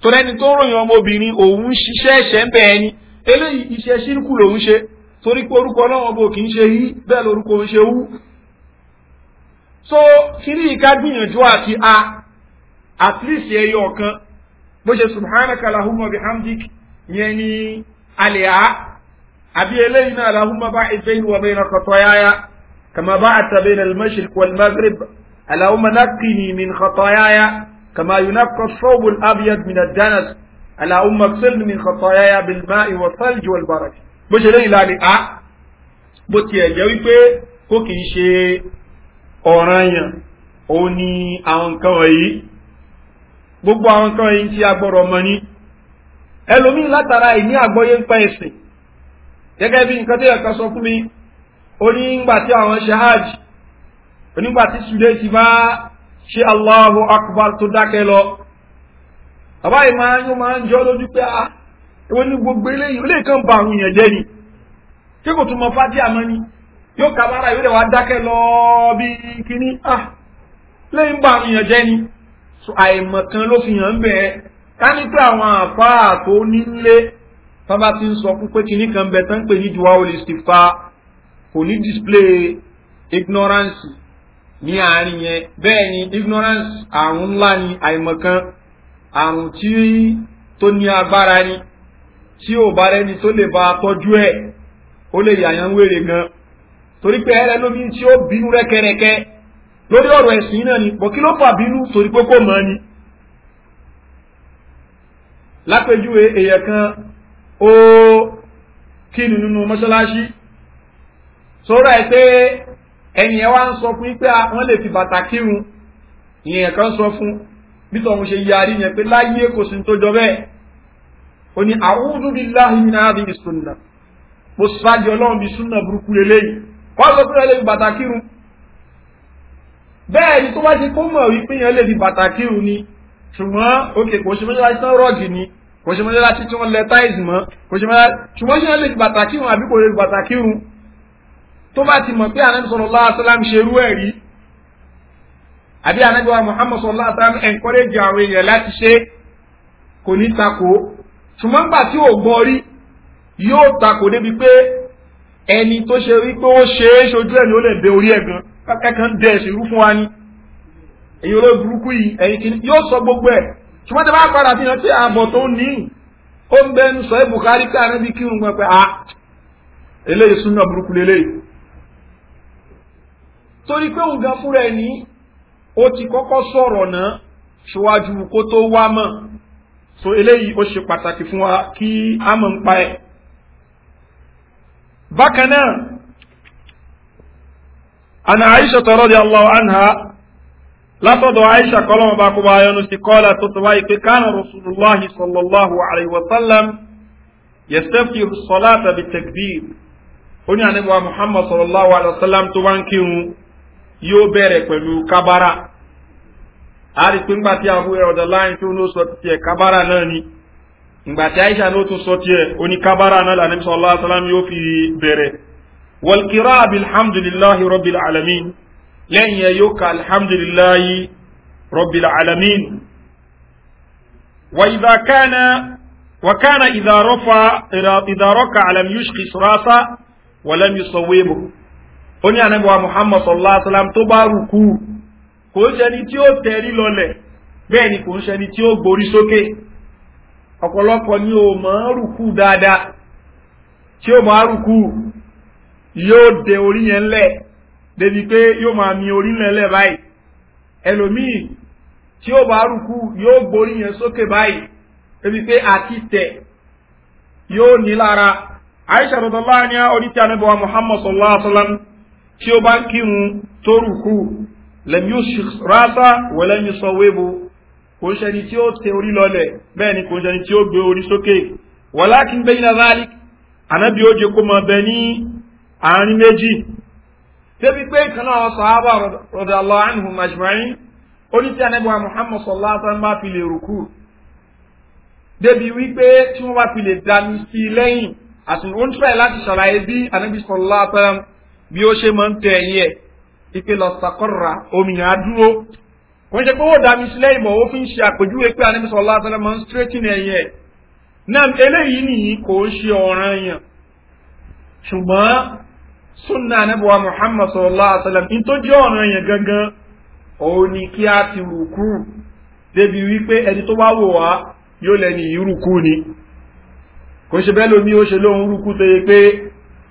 [SPEAKER 2] torí ẹni tó ròyìn ọmọbìnrin òun ṣiṣẹ́ ẹ̀ṣẹ̀ ń bẹ̀ ẹni eléyìí iṣẹ́ ṣírkù lòun ṣe torí pé orúkọ ọlọ́wọ́n bò kì ṣe yí bẹ́ẹ̀ lórúkọ òun ṣe wú so kiri ìka gbìyànjú àti a at least ẹyọ ọ̀kan bó ṣe subhanaka lahumma bihamdik yẹn ni alẹ́ a àbí eléyìí náà lahumma bá ife ìlú wa bẹ́ẹ̀ kọ́tọ́ yáyá kàmá bá àtàbẹ́ ilẹ̀ al-mashriq wal-maghrib كما ينقى الثوب الأبيض من الدنس اللهم اغسلني من خطاياي بالماء والثلج والبرد bó ṣe léyìn láàrin a bó tiẹ̀ jẹ́ wípé kó kìí ṣe ọ̀ràn yàn òun ni àwọn nǹkan wọ̀nyí gbogbo àwọn nǹkan wọ̀nyí tí a gbọ́dọ̀ mọ ní ẹlòmíín látara ìní àgbọ́yé ń pẹ́ ẹ̀sìn gẹ́gẹ́ bí nǹkan tó yẹ ká sọ fún mi onígbà tí àwọn ṣe hajj onígbà tí sùdé ti bá ṣe Allahu akbar tó dákẹ́ lọ bàbá yìí máa ń yóò máa ń jọ lójú pé a ah, ìwé ní gbogbo eléyìí ó lè kàn ba àwọn èèyàn jẹ́ ni kí kò tún mọ fájí àmọ́ ni yóò kàbára yóò lè wá dákẹ́ lọ bí kíní ah lẹ́yìn ba àwọn èèyàn jẹ́ ni àìmọ̀ kan ló fi hàn bẹ́ẹ̀ ká ní pé àwọn àfáà tó nílé tán bá ti ń sọ fún pé kíní kan bẹ tán pè ní duwa olè sí fa kò ní display ignorance ní àárín yẹn bẹ́ẹ̀ ni ignorance àrùn ńlá ni àìmọ̀kan àrùn tí tó ní agbára ni tí ò bá rẹni tó lè bá tọ́jú ẹ̀ ó lè yàyàn wèrè gan torí pé ẹrẹ lómi tí ó bínú rẹ́kẹrẹkẹ lórí ọ̀rọ̀ ẹ̀sìn náà ni bọ̀ kí ló fà bínú torí pé kò mọ̀ ni lápèjúwe èèyàn kan ó kíni nínú mọ́ṣáláṣí sọ́ra ẹ pé ẹ̀yìn ẹ̀ wá ń sọ fún pé ah, wọ́n lè fi bàtà kírun ìyẹn kan sọ fún bí tọ̀hún ṣe yarí yẹn pé láyé kò sí tó jọ bẹ́ẹ̀ ó ní àwùjọ bíi láhìí náà bí sunna mo sáájú ọlọ́run bíi sunna burúkú lélẹ́yìn wọ́n sọ fún ẹ lè fi bàtà kírun bẹ́ẹ̀ ni tó bá ṣe kó mọ̀ wípé yẹn lè fi bàtà kírun ni ṣùgbọ́n òkè kò ṣe mọ́ṣáláṣí tán rọ́ọ̀gì ni kò ṣe mọ́ṣáláṣí tí wọ́n lẹ táìsì mọ́ kò ṣe mọ́ṣáláṣí ṣùgbọ́n ṣe yẹn lè fi bàtà tó bá ti mọ̀ pé anabi sallallahu alaihi wasallam ṣe irú ẹ̀ rí àbí anabi wa muhammad sallallahu alaihi wasallam encourage àwọn èèyàn láti ṣe kò ní takò ṣùgbọ́n gbà tí ò gbọ́ rí yóò takò débi pé ẹni tó ṣe wípé ó ṣe é ṣojú ẹ̀ ni ó lè dé orí ẹ̀ gan kẹ́kẹ́ ń dẹ̀ ṣerú fún wa ni èyí olóyè burúkú yìí ẹ̀yìn kìíní yóò sọ gbogbo ẹ̀ ṣùgbọ́n tí a bá padà fi hàn pé ààbọ̀ tó ní ó ń bẹ́ẹ̀ sọ ẹ́ bùkárí pé àrẹ́bí kírun pẹ́ pé ah, eléyìí súnà burúkú lélẹ́yìí torí pé òun gan fúnra ẹ̀ ní ó ti kọ́kọ́ sọ̀rọ̀ náà ṣíwájú kó tó wá mọ̀ so eléyìí ó ṣe pàtàkì fún wa kí a mọ̀ ń pa ẹ̀ bákan náà ana aisha tọrọ di allahu anha látọ̀dọ̀ aisha kọlọ́mọ̀ bá kó bá yọnu sí kọ́lá tó ti wáyé pé kánà rasulullahi sallallahu alaihi wasallam yẹsẹ́fì sọlá tàbí tẹ̀gbìr ó ní àníbà muhammad sallallahu alaihi wasallam tó wá ń kírun yóò bẹ̀rẹ̀ pẹ̀lú kábára a rí pé ńgbà tí abu ẹ̀rọ̀dà láàrin tó ló sọ tiẹ̀ kábára náà ni ńgbà tí aisha ló tún sọ tiẹ̀ ó ní kábára náà lànà bisọ allah salam yóò fi bẹ̀rẹ̀ wàlkìrá abilhamdulilahi rọ́bìl alamin lẹ́yìn ẹ̀ yóò ka alhamdulilahi rọ́bìl alamin وإذا كان وكان إذا رفع إذا ركع لم يشخص راسه ولم يصوبه onye ànẹ́bọ̀wà muhammad sallallahu alaihi wasallam tó bá rukú, kò ń ṣẹni tí ó tẹ̀rí lọlẹ̀ bẹ́ẹ̀ ni kò ń ṣẹni tí ó gborí sókè ọ̀pọ̀lọpọ̀ ni ò mọ̀ ń rùkú dáadáa tí ó de orí yẹn lẹ̀ débi mi orí báyìí ẹlòmíì tí ó bá rukú yóò gborí yẹn sókè báyìí débi pé àti tẹ̀ yóò ní lára aisha tí muhammad sallallahu alaihi tí ó bá ń kírun tó rùkú lẹ́mí ó sì rásá wẹ̀lẹ́mí sọ wébo kò ń ṣẹni tí ó tẹ orí lọlẹ̀ bẹ́ẹ̀ ni kò ń ṣẹni tí ó gbé orí sókè walakin bayna zalik ànábì ó jẹ kó mọ bẹ ní àárín méjì débi pé ìkànnà àwọn sàábà radiyallahu anhum ajma'in ó ní tí wa muhammad sallallahu alaihi wasallam fi lè rùkú débi wípé tí wọ́n bá fi lè dání sí lẹ́yìn àti ó láti ṣàlàyé bí ànábì sallallahu alaihi bí ó ṣe máa ń tẹ ẹyin ipe lọ sàkọrà omi yẹn á dúró kò ń ṣe pé ó dàbí sílẹ̀ ìmọ̀ ó fi ń ṣe àpèjúwe pé àníbísọ̀ lásán máa ń straighten ẹyin náà eléyìí nìyí kò ń ṣe ọ̀ràn yẹn ṣùgbọ́n sunna anabuwa muhammad sallallahu alaihi wa sallam in tó jẹ́ ọ̀ràn yẹn gangan òun ni kí a ti rùkú débi wípé ẹni tó wá wò wá yóò lẹ́ni ìrùkú ni kò ṣe bẹ́ẹ̀ lómi ó ṣe lóhun rùkú tó yẹ pé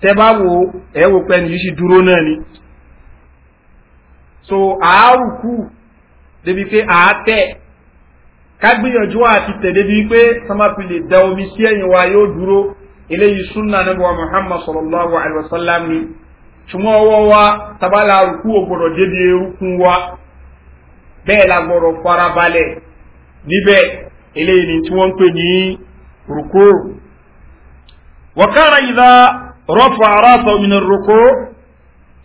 [SPEAKER 2] tẹ bá wo ẹ wò pé ẹni yìí sì dúró náà ni so àárù kù débi pé àátẹ kágbìyànjú àti tẹ̀lé bíi pé sámápì lè da omi sí ẹ̀yìn wa yóò dúró eléyìí súnà níbi wa muhammad sallallahu alayhi wa sallam ni ṣùgbọ́n ọwọ́ wa tabala arúkú ògbọ́dọ̀ débi erúkún wa bẹ́ẹ̀ la gbọ́dọ̀ farabalẹ̀ níbẹ̀ eléyìí ni tí wọ́n ń pè ní rúkú. wọ́n yìí dá rọ́fà aráàtọ̀ òmìnira rúkú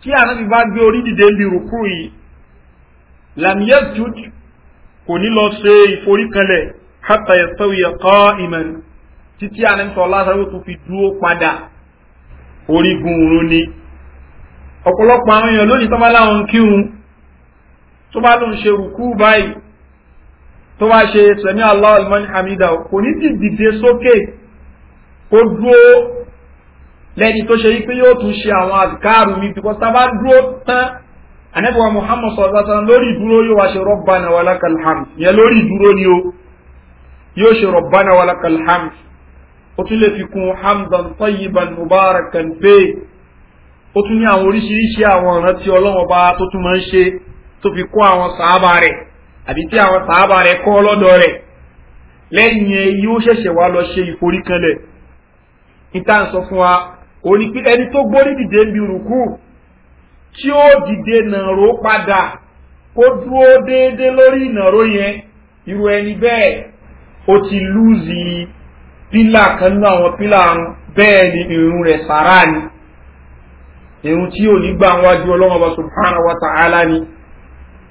[SPEAKER 2] tí ànábì bá gbé orí dìde ń bi rúkú yìí lamiyasjud kò ní lọ ṣe ìforíkanlẹ̀ hátà yastawiya qa'iman títí ànábì sọ lásàrò tó fi dúró padà orígun òrun ni ọ̀pọ̀lọpọ̀ àwọn èèyàn lónìí tó bá láwọn kírun tó bá lóun ṣe rúkú báyìí tó bá ṣe sẹ̀mí Allahu liman hamida kò ní ti dìde sókè kó dúró lẹ́ni tó ṣe yí pé yóò tún ṣe àwọn àdìkáàrù mi bíkọ́ sábà dúró tán anẹ́bùwà muhammad sọ̀rọ̀ sọ̀rọ̀ lórí ìdúró yóò wá ṣe rọ́bàna wà lákàlhàm yẹn lórí ìdúró ni ó yóò ṣe rọ́bàna wà lákàlhàm ó tún lè fi kun hamdan tayyiban mubarakan pé ó tún ní àwọn oríṣiríṣi àwọn ọ̀ràn tí ọlọ́wọ́ bá tó tún máa ń ṣe tó fi kó àwọn sàábà rẹ̀ àbí tí àwọn sàábà rẹ̀ kọ́ lọ́dọ̀ rẹ̀ lẹ́yìn yóò ṣẹ̀ṣẹ̀ wá lọ ṣe ìforíkanlẹ̀ níta ń sọ fún wa ó ní pé ẹni tó gbórí dìde ń bi rùkú tí ó dìde nàró padà kó dúró déédé lórí ìnàró yẹn irú ẹni bẹ́ẹ̀ ó ti lúùzì pílà kan nínú àwọn pílà ni irun rẹ̀ sàrà ni irun tí ò ní gbà wájú subhana wa ta'ala ni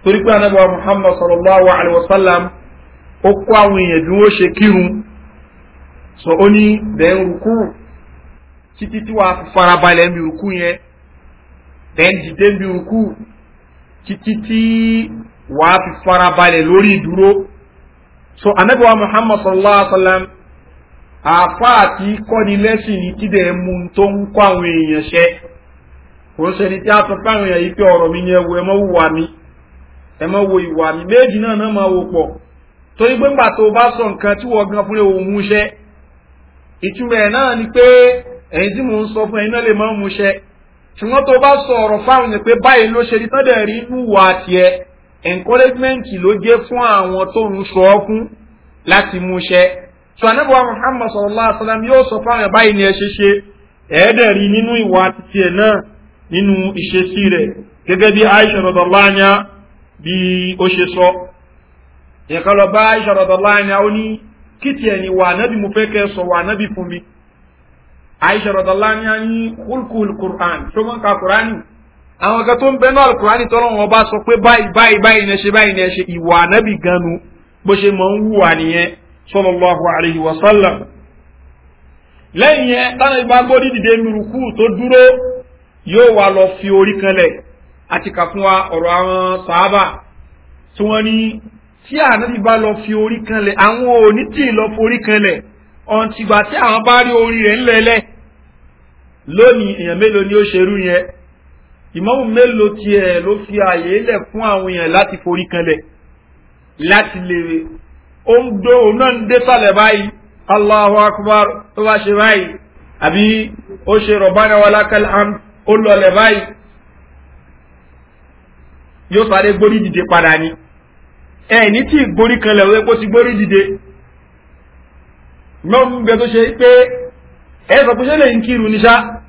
[SPEAKER 2] torí pé anábọ̀ muhammad sallallahu alayhi wa sallam ó kó àwọn èèyàn bí wọ́n ṣe kírun sọ ó ní bẹ́ẹ̀ títí tí wàá fi faraba mi rùkú yẹn then dìde mi rùkú títí fi farabalẹ̀ lórí ìdúró so muhammad sallallahu alaihi wa sallam tó ń àwọn èèyàn kò ń tí a mi yẹn wo ẹ mi ẹ mi méjì náà náà máa wò torí pé ńgbà tó o bá sọ nǹkan tí gan fúnra òun ẹ̀yin tí mò ń sọ fún ẹ̀yin náà lè máa mú ṣẹ ṣùgbọ́n tó bá sọ ọ̀rọ̀ fáwọn yẹn pé báyìí ló ṣe rí tọ́dẹ̀ rí inú wa tiẹ̀ encouragement ló jẹ́ fún àwọn tó ń sọ ọ́ fún láti mú ṣẹ tó anábọ̀wá muhammad sallallahu alayhi sallam yóò sọ fáwọn yẹn báyìí ni ẹ ṣe ṣe ẹ̀ẹ́dẹ̀ rí nínú ìwà tiẹ̀ náà nínú ìṣesí rẹ̀ gẹ́gẹ́ bí aisha rọ̀dọ̀láyà bí ó ṣe sọ ìyẹn bá aisha rọ̀dọ̀láyà ó ní kìtì ẹ̀yìn wà nábì mo fẹ́ kẹ́ sọ wà nábì fún mi aisha rọdọlá ní a ní hulkul quran tó mọ́ ka qurani àwọn kan tó ń bẹnu alukurani tọ́lọ́ wọn bá sọ pé báyìí báyìí báyìí ní ẹ ṣe báyìí ní ẹ ṣe ìwà anábì ganu bó ṣe mọ̀ ń wùwà nìyẹn sọlọ́láhu alayhi wa sallam lẹ́yìn yẹn tánà ìbá gbódì dìde nùrùkú tó dúró yóò wá lọ fi orí kanlẹ̀ àti kà wa ọ̀rọ̀ àwọn sàábà tí wọ́n ní tí ànábì bá lọ fi orí kanlẹ̀ àwọn ò ní tì lọ forí kanlẹ̀ ọ̀ǹtìgbà tí àwọn bá rí orí rẹ̀ ńlẹ̀lẹ̀ lónìí èèyàn mélòó ni ó ṣerú yẹn ìmọ̀mù mélòó tiẹ̀ ló fi ààyè lẹ̀ fún àwọn èèyàn láti forí kanlẹ̀ láti lè ó ń do òun náà ń dé sálẹ̀ báyìí allahu akbar tó bá ṣe báyìí àbí ó ṣe rọ̀bánà wàlákàlà ó lọlẹ̀ báyìí yóò sáré gbórí dìde padà ni ẹni tí ìgbórí kan lẹ̀ wípé ó ti gbórí dìde mọ́ ń bẹ tó ṣe pé ẹ sọ pé ṣe lè ń kírun níṣá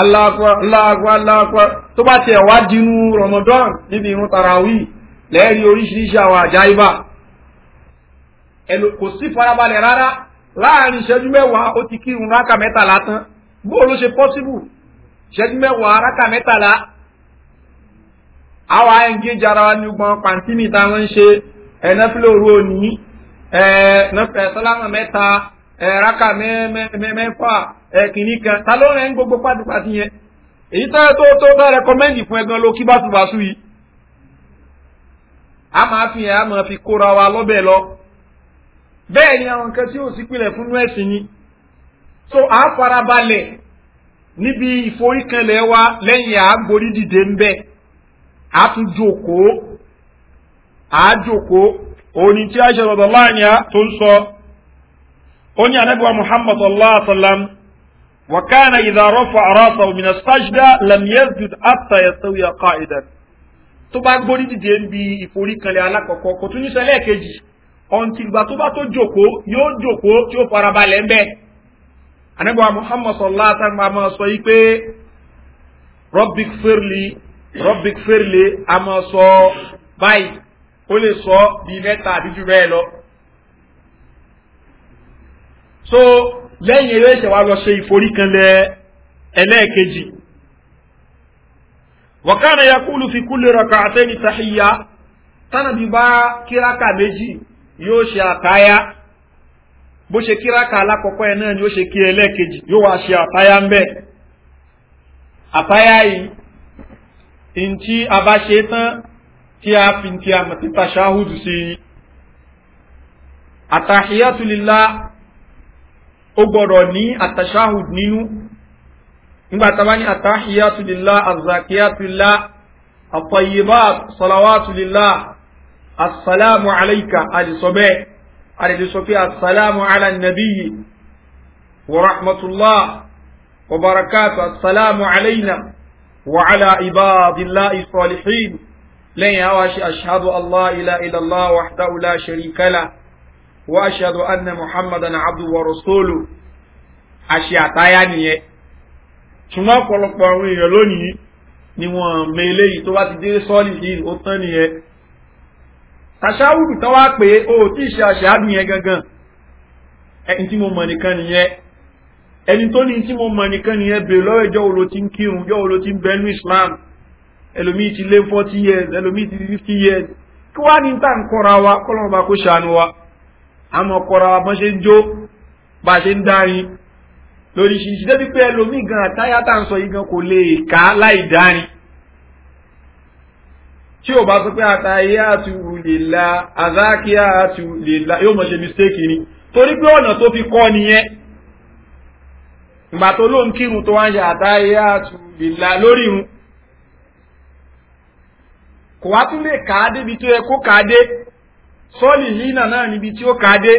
[SPEAKER 2] aláàkọ́ aláàkọ́ aláàkọ́ tó bá tiẹ̀ wá dínú ramadan níbi irun tarawí lẹ́ẹ̀rí oríṣiríṣi àwọn àjáyébà kò sí farabalẹ̀ rárá láàrin ìṣẹ́jú mẹ́wàá ó ti kírun ráka mẹ́tàlá tán bó ló ṣe pọ́síbù ìṣẹ́jú mẹ́wàá ráka mẹ́tàlá àwa ẹ̀ǹgé jara wa ní gbọ́n pàǹtí mi táwọn ń ṣe ẹ̀ òru òní ẹ̀ náfìlẹ̀ ẹ̀ráka mẹ́fà ẹ̀kìnní kan ta ló rẹ̀ ń gbogbo pátipátí yẹn èyí tó tó tó bá rẹkọmẹ́ndì fún ẹgan ló kí yìí a máa fi yẹn a máa fi wa lọ́bẹ̀ lọ bẹ́ẹ̀ ni àwọn nǹkan tí ò sí pilẹ̀ fún ẹ̀sìn ni so a wa lẹ́yìn àgbórí dìde ń a tún a òní tí a ṣe oní anabiwa muhammad allah asalam wakana idarọfọ arasa omina sajda lamiyasjud afta yasawi qaidan tó bá gbórí dìde ń bi ìforíkanlẹ̀ alákọ̀ọ́kọ́ kò tún ní sọ ẹlẹ́ẹ̀kejì ọ̀ǹtìgbà tó bá tó jòkóó yóò jòkóó tí ó farabalẹ̀ ń bẹ́ẹ̀ anabiwa muhammad sallallahu alaihi wasallam máa sọ yìí pé rọbik fèrlì rọbik fèrlì a máa sọ báyìí ó lè sọ bíi mẹ́ta àbí jù bẹ́ẹ̀ so lẹ́yìn eré ẹ̀ṣẹ̀ wa lọ ṣe ìforíkanlẹ̀ ẹlẹ́ẹ̀kejì wọ̀kánà yakulu fi kúlẹ̀ rọ̀kà àtẹ́ni tàhíyá tánàbí bá kíráka méjì yóò ṣe àtáyá bó ṣe kíráka alákọ̀ọ́kọ́ ẹ̀ náà ni ó ṣe kí ẹlẹ́ẹ̀kejì yóò wá ṣe àtáyá ń bẹ̀ àtáyá yìí ntí a bá ṣe tán tí a fi ntí a títà ṣáhùdù sí àtàhíyá tulilá ó gbọ́dọ̀ ní àtàṣáhùd nínú nígbàtàbá ní àtàhíyàtùlélá àzàkíyàtùlá àfàyèbá sọlawàtùlélá àsàlámù aláìka àdìsọ́bẹ́ àdìsọ́fẹ́ àsàlámù alànàbíyì wàràhmàtùlá wàbàrakàtù àsàlámù aláìna wàhálà ìbáàdìlá ìsọ̀lìhìn lẹ́yìn àwáṣe àṣàdù allah ilá ilàlá wàhdà ulá ṣeríkálà واشهد na محمدا عبده ورسوله àṣẹ ataya niye ṣùgbọ́n ọ̀pọ̀lọpọ̀ àwọn èèyàn lónìí ni wọ́n mẹ tó bá ti dé sọ́ọ̀lì yìí ó tán nìyẹn tàṣáwùdù o tí ì ṣe gangan ẹni tí mo mọ̀ nìkan niye ẹni tó ní tí mo nìkan nìyẹn bèrè lọ́wọ́ wo ló ti islam ẹlòmíì ti lé forty years ẹlòmíì ti fifty years kí wa kó ṣàánú àmọ́ kọ́ra wa bọ́n ṣe ń jó bá ṣe ń dárin lóríṣiríṣi débi pé ẹlòmíì gan àtáyá tá à ń sọ yìí gan kò lè kà á láì dárin tí ò bá sọ pé àtàyé àtúwù lè la àzákíá àtúwù yóò mọ̀ ṣe mistake ni torí pé ọ̀nà tó fi kọ́ nìyẹn ìgbà tó ló ń kírun tó wá ń ṣe àtàyé àtúwù lè lórí irun kò wá tún lè kà débi tó yẹ kó kà dé sọ́ọ̀lì hínà náà níbi tí ó ká dé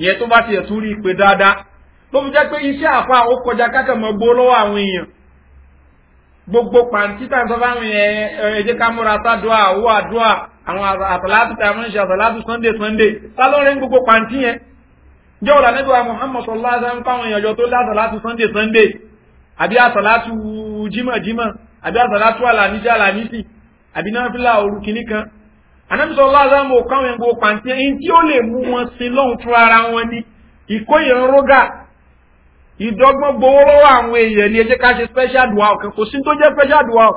[SPEAKER 2] ìyẹn tó bá tiẹ̀ tún rí i pé dáadáa ló fi jẹ́ pé iṣẹ́ àfa ó kọjá kákàmọ́ gbó lọ́wọ́ àwọn èèyàn gbogbo pàǹtí tàǹtọ́ fáwọn yẹn ẹ̀ẹ́dẹ́ ká sádùá owó àdúà àwọn àtàlátù tá a máa ń ṣe àtàlátù sunday sunday tá ló ń rí gbogbo pàǹtí yẹn jẹ́ ọ̀la nígbà muhammad sallallahu alayhi wa sallam fáwọn èèyàn tó látàlátù sunday sunday àbí àtàlátù jímọ̀jímọ̀ àbí àtàlátù àlàníṣẹ́ àlàníṣì àbí náà fi la òru kìnnìkan anamisọ lázàmù káwọn ẹgbẹ pàǹtí ẹni tí ó lè mú wọn sí lóhùn fún ara wọn ni ìkóyè ń rógà gbowó àwọn èèyàn ni ẹjẹ́ ká ṣe special dua ọ̀kan kò sí tó jẹ́ special dua ọ̀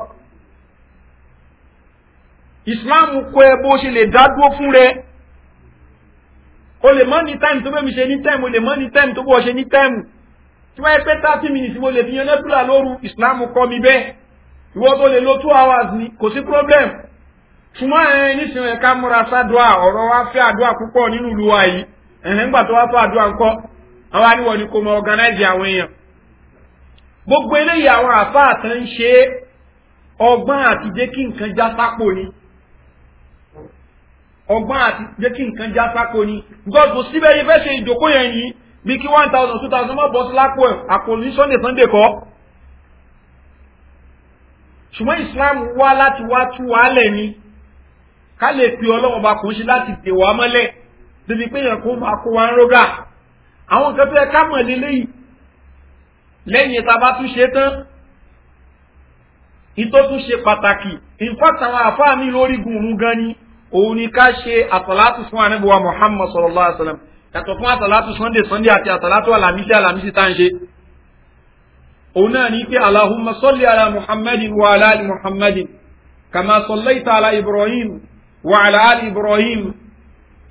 [SPEAKER 2] islam kọ ẹ bó ṣe lè dá dúró fún rẹ o lè mọ́ ní táìmù tó bẹ́ẹ̀ mi ṣe ní táìmù o lè mọ́ ní táìmù tó bọ́ ṣe ní táìmù tí wọ́n yẹ pé thirty minutes mo lè fi yan lẹ́fúlà lóru islam kọ́ mi bẹ́ẹ̀ ìwọ́ tó lè lo two hours ni kò sí problem ṣùgbọ́n ẹ nísìnyí ká múra sádùá ọ̀rọ̀ wa fẹ́ àdúà púpọ̀ nínú ìlú wa yìí ẹ̀hẹ́n gbà tó ni ni kò mọ gbogbo eléyìí àwọn àfáà tán ń ṣe ọgbọ́n àti jẹ́ kí nǹkan já ni ọgbọ́n àti jẹ́ kí nǹkan já sápò ni one thousand two thousand ká lè pe ọlọ́wọ́n bá kò ń ṣe láti dè wá mọ́lẹ̀ débi pé yẹn kó máa kó wá ń rógà àwọn nǹkan tó yẹ ká mọ̀ lélẹ́yìí lẹ́yìn tá a bá tún ṣe tán ìtó tún ṣe pàtàkì ìfọ́t àfáà mi lórí gùnrùn gan ni òun ni ká ṣe àtàlátù fún anábíwá muhammad sallallahu alaihi wa sallam yàtọ̀ fún àtàlátù sunday sunday àti àtàlátù alamisi alamisi tá à ń ṣe òun náà ní pé alahumma sọlẹ̀ ala muhammadin wa ala muhammadin kàmá sọlẹ̀ ìta ala ibrahim وعلى آل إبراهيم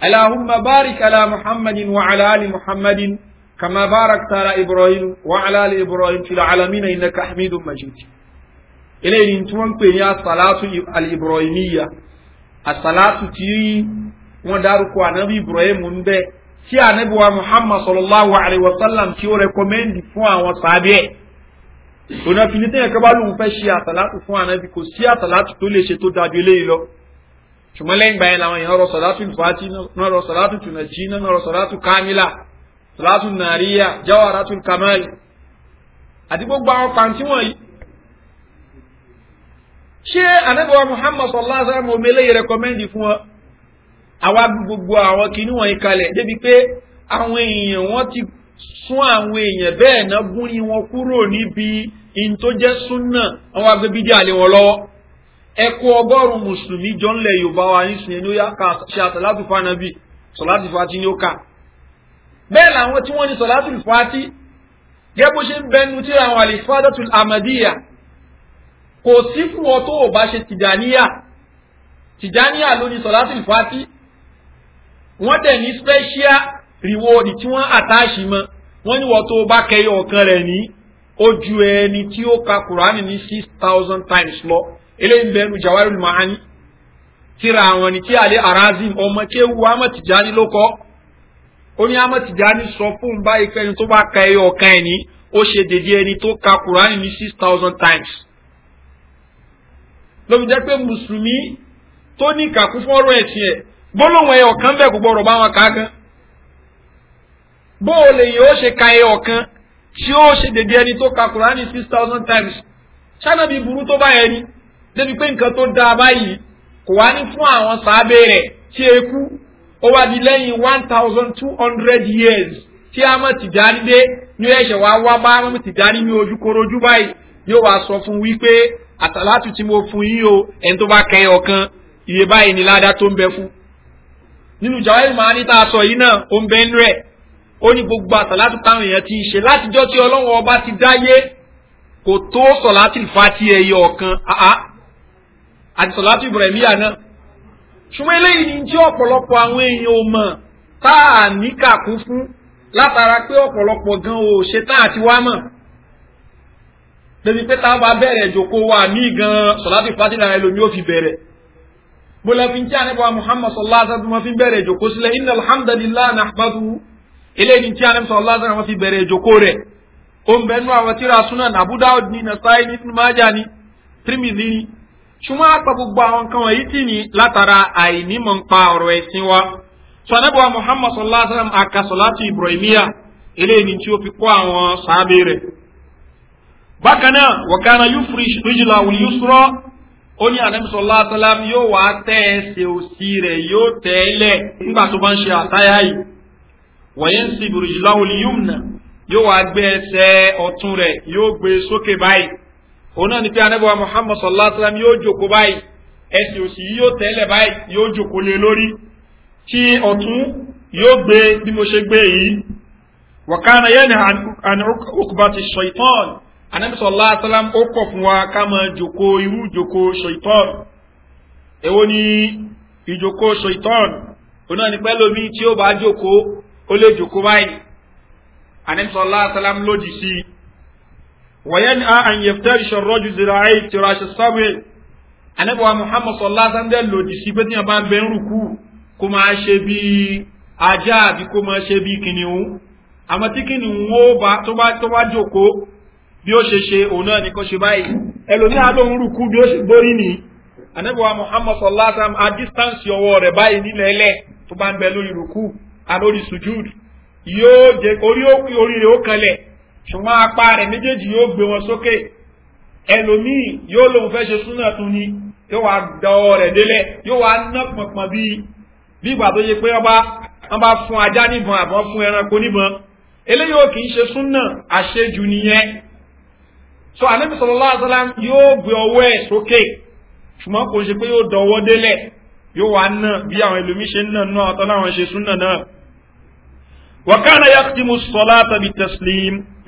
[SPEAKER 2] اللهم بارك على محمد وعلى آل محمد كما باركت على إبراهيم وعلى آل إبراهيم في العالمين إنك حميد مجيد إليه نتوان كي الصلاة الإبراهيمية الصلاة تي ودارك نبي إبراهيم ونبي tí anabi wa muhammad sallallahu alayhi wa sallam tí ó rẹkọmẹ́ndì fún àwọn sábẹ́ ẹ̀ ònà fìlítẹ́ yẹn kaba lóun fẹ́ ṣe àtàlátù fún anabi kò sí àtàlátù tó lè ṣe tó dájú eléyìí lọ ṣùgbọ́n lẹ́yìn gbàyẹn làwọn èèyàn rọ sọ̀dátù fàájì náà rọ sọ̀dátù tùnàjì náà rọ sọ̀dátù kámílà sọ̀dátù nàríyà jáwàrátù kamali àti gbogbo àwọn pàǹtí wọ̀nyí. ṣé anábẹ́wà muhammad sọ̀lá sàmù omele rẹkọmẹ́ndì fún ọ àwa gbogbo àwọn kìíní wọ̀nyí kalẹ̀ débi pé àwọn èèyàn wọ́n ti sún àwọn èèyàn bẹ́ẹ̀ náà gún ni wọ́n kúrò níbi ìntòjẹ́sùn náà àwọn agbẹ́bídé àlè wọn lọ́wọ́ ẹ kó ọgọ́rùn mùsùlùmí jọ ńlẹ̀ yorùbá wa yín sìn ní ó yá ká ṣe àtàlátù fanabi sọ̀látù fati ni ó kà bẹ́ẹ̀ làwọn tí wọ́n ní sọ̀látù fati gẹ́gẹ́ bó ṣe ń bẹnu tí àwọn àlìfádàtù amadiya kò sí fún ọ tó o bá ṣe tìjàníyà tìjàníyà ló ní sọ̀látù fati wọ́n dẹ̀ ní special reward tí wọ́n àtàṣì mọ́ wọ́n ní wọ́n tó o bá kẹyọ ọ̀kan rẹ̀ ní ojú ẹni tí ó ka kùránì ní six thousand times lọ eléyìí bẹnu jawarul maani tíra àwọn ni tí alẹ́ arazim ọmọ kéwu ahmed tijani ló kọ́ ó ní ahmed tijani sọ fún báyìí pé ẹni tó bá ka ẹyọ ọ̀kan ẹ̀ ní ó ṣe dédé ẹni tó ka quran ní six thousand times lóbi jẹ́ pé mùsùlùmí tó ní kàkú fún ọ̀rọ̀ ẹ̀sìn ẹ̀ gbólóhùn ẹyọ ọ̀kan bẹ́ẹ̀ kò gbọ́dọ̀ bá wọn kà á gan bó o lè yẹ ó ṣe ka ẹyọ ọ̀kan tí ó ṣe dédé ẹni tó ka quran ní six thousand times ṣáná bíi burú tó bá ni débi pé nǹkan tó dáa báyìí kò wá ní fún àwọn sábẹ́ rẹ̀ tí e kú ó wá di lẹ́yìn one thousand two hundred years tí a mọ̀ tìjáni dé ní ẹ̀ṣẹ̀ wá wá bá mọ̀ tìjáni ní ojú korojú báyìí yóò wá sọ fún wípé àtàlátù tí mo fún yín o ẹni tó bá kẹyìn ọ̀kan iye báyìí ni ládá tó ń bẹ fún nínú jawari mahani tá a sọ yìí náà ó ń bẹ nú ó ní gbogbo àsàlátù táwọn èèyàn ti ṣe látijọ́ tí ọlọ́run ọba ti dáyé kò tó sọ̀látì fati ẹyọ ọ̀kan àti sọ̀látù ibrahimiya náà ṣùgbọ́n eléyìí ni tí ọ̀pọ̀lọpọ̀ àwọn èèyàn ò mọ̀ tá à ní kàkú fún látara pé ọ̀pọ̀lọpọ̀ gan ò ṣe tán àti wá mọ̀ débi pé táwọn bá bẹ̀rẹ̀ ìjòkó wa mí gan sọ̀látù fásitì ara ẹlòmí ò fi bẹ̀rẹ̀ bólẹ́fin tí a nípa muhammad sọ̀lá àtàtù wọn fi bẹ̀rẹ̀ ìjòkó sílẹ̀ inna alhamdulilayi nahmadu eléyìí tí ṣùgbọ́n àpá gbogbo àwọn nǹkan wọ̀nyí tì ní látara àìnímọ̀ ń pa ọ̀rọ̀ ẹ̀sìn wa sọ̀nẹ́bùwà muhammad sallallahu alayhi wa sallam akasolati ibrahimiya eléyìí ni tí ó fi kó àwọn sáábì rẹ̀ bákan náà wọ̀kánà yufri rijla wuli yusra ó ní àdàmì sọlá sálám yóò wá tẹ́ ẹsẹ̀ òsì rẹ̀ yóò tẹ́ ẹ lẹ̀ nígbà tó bá ń ṣe àtáyà yìí wọ̀nyẹn sì rijla wuli yóò wá gbé ẹsẹ̀ ọ̀tún rẹ̀ yóò gbé sókè báyìí òun náà ni pé anábọ̀wá muhammad sallallahu alayhi wa sallam yóò jókòó báyìí ẹsẹ̀ òsì yìí yóò tẹ́lẹ̀ báyìí yóò jókòó lé lórí tí ọ̀tún yóò gbé bí mo ṣe gbé yìí wàkánà yẹn ni ànúkùbá ti ṣọ̀ìtàn sallallahu alayhi wa sallam ó kọ̀ fún wa ká máa jókòó irú jókòó ṣọ̀ìtàn èwo ni ìjókòó ṣọ̀ìtàn òun náà ni pẹ́ lómi tí ó bá jókòó ó lè jókòó báyìí anábì sallallahu alayhi wa sallam lòdì وينهى أن يفترش الرجل ذراعي افتراش السبع anabiwa muhammad sallallahu alaihi wasallam lòdì sí pé tí wọn bá ń bẹ ń rúkú kó máa ṣe bí ajá àbí kó máa ṣe bí kìnìún àmọ tí kìnìún ó bá tó bá tó bá jòkóó bí ó ṣe ṣe òun náà nìkan ṣe báyìí ẹlòmíà ló ń rúkú bí ó ṣe muhammad sallallahu alaihi wasallam a distance ọwọ rẹ báyìí nílẹ̀ ẹlẹ̀ tó bá ń bẹ lórí rúkú àlórí sujud yóò jẹ orí orí rẹ ó kanlẹ̀ ṣùgbọ́n apá rẹ̀ méjèèjì yóò gbé wọn sókè ẹlòmíì yóò lóun fẹ́ ṣe súnà tún ni yóò wá dọ̀ọ́ rẹ̀ délẹ̀ yóò wá ná pọ̀npọ̀n bíi bí ìgbà tó yẹ pé ọba wọn bá fún ajá níbọn àbọ̀ fún ẹranko níbọn eléyìí ò kì í ṣe súnà àṣejù nìyẹn so anabi sọlọlá àtàlà yóò gbé ọwọ́ ẹ̀ sókè ṣùgbọ́n kò ṣe pé yóò dọ̀wọ́ délẹ̀ yóò wá ná bí àwọn ẹlòmíì ṣe ń náà ọ̀tọ́ láwọn ṣe súnà náà wọ́n kàn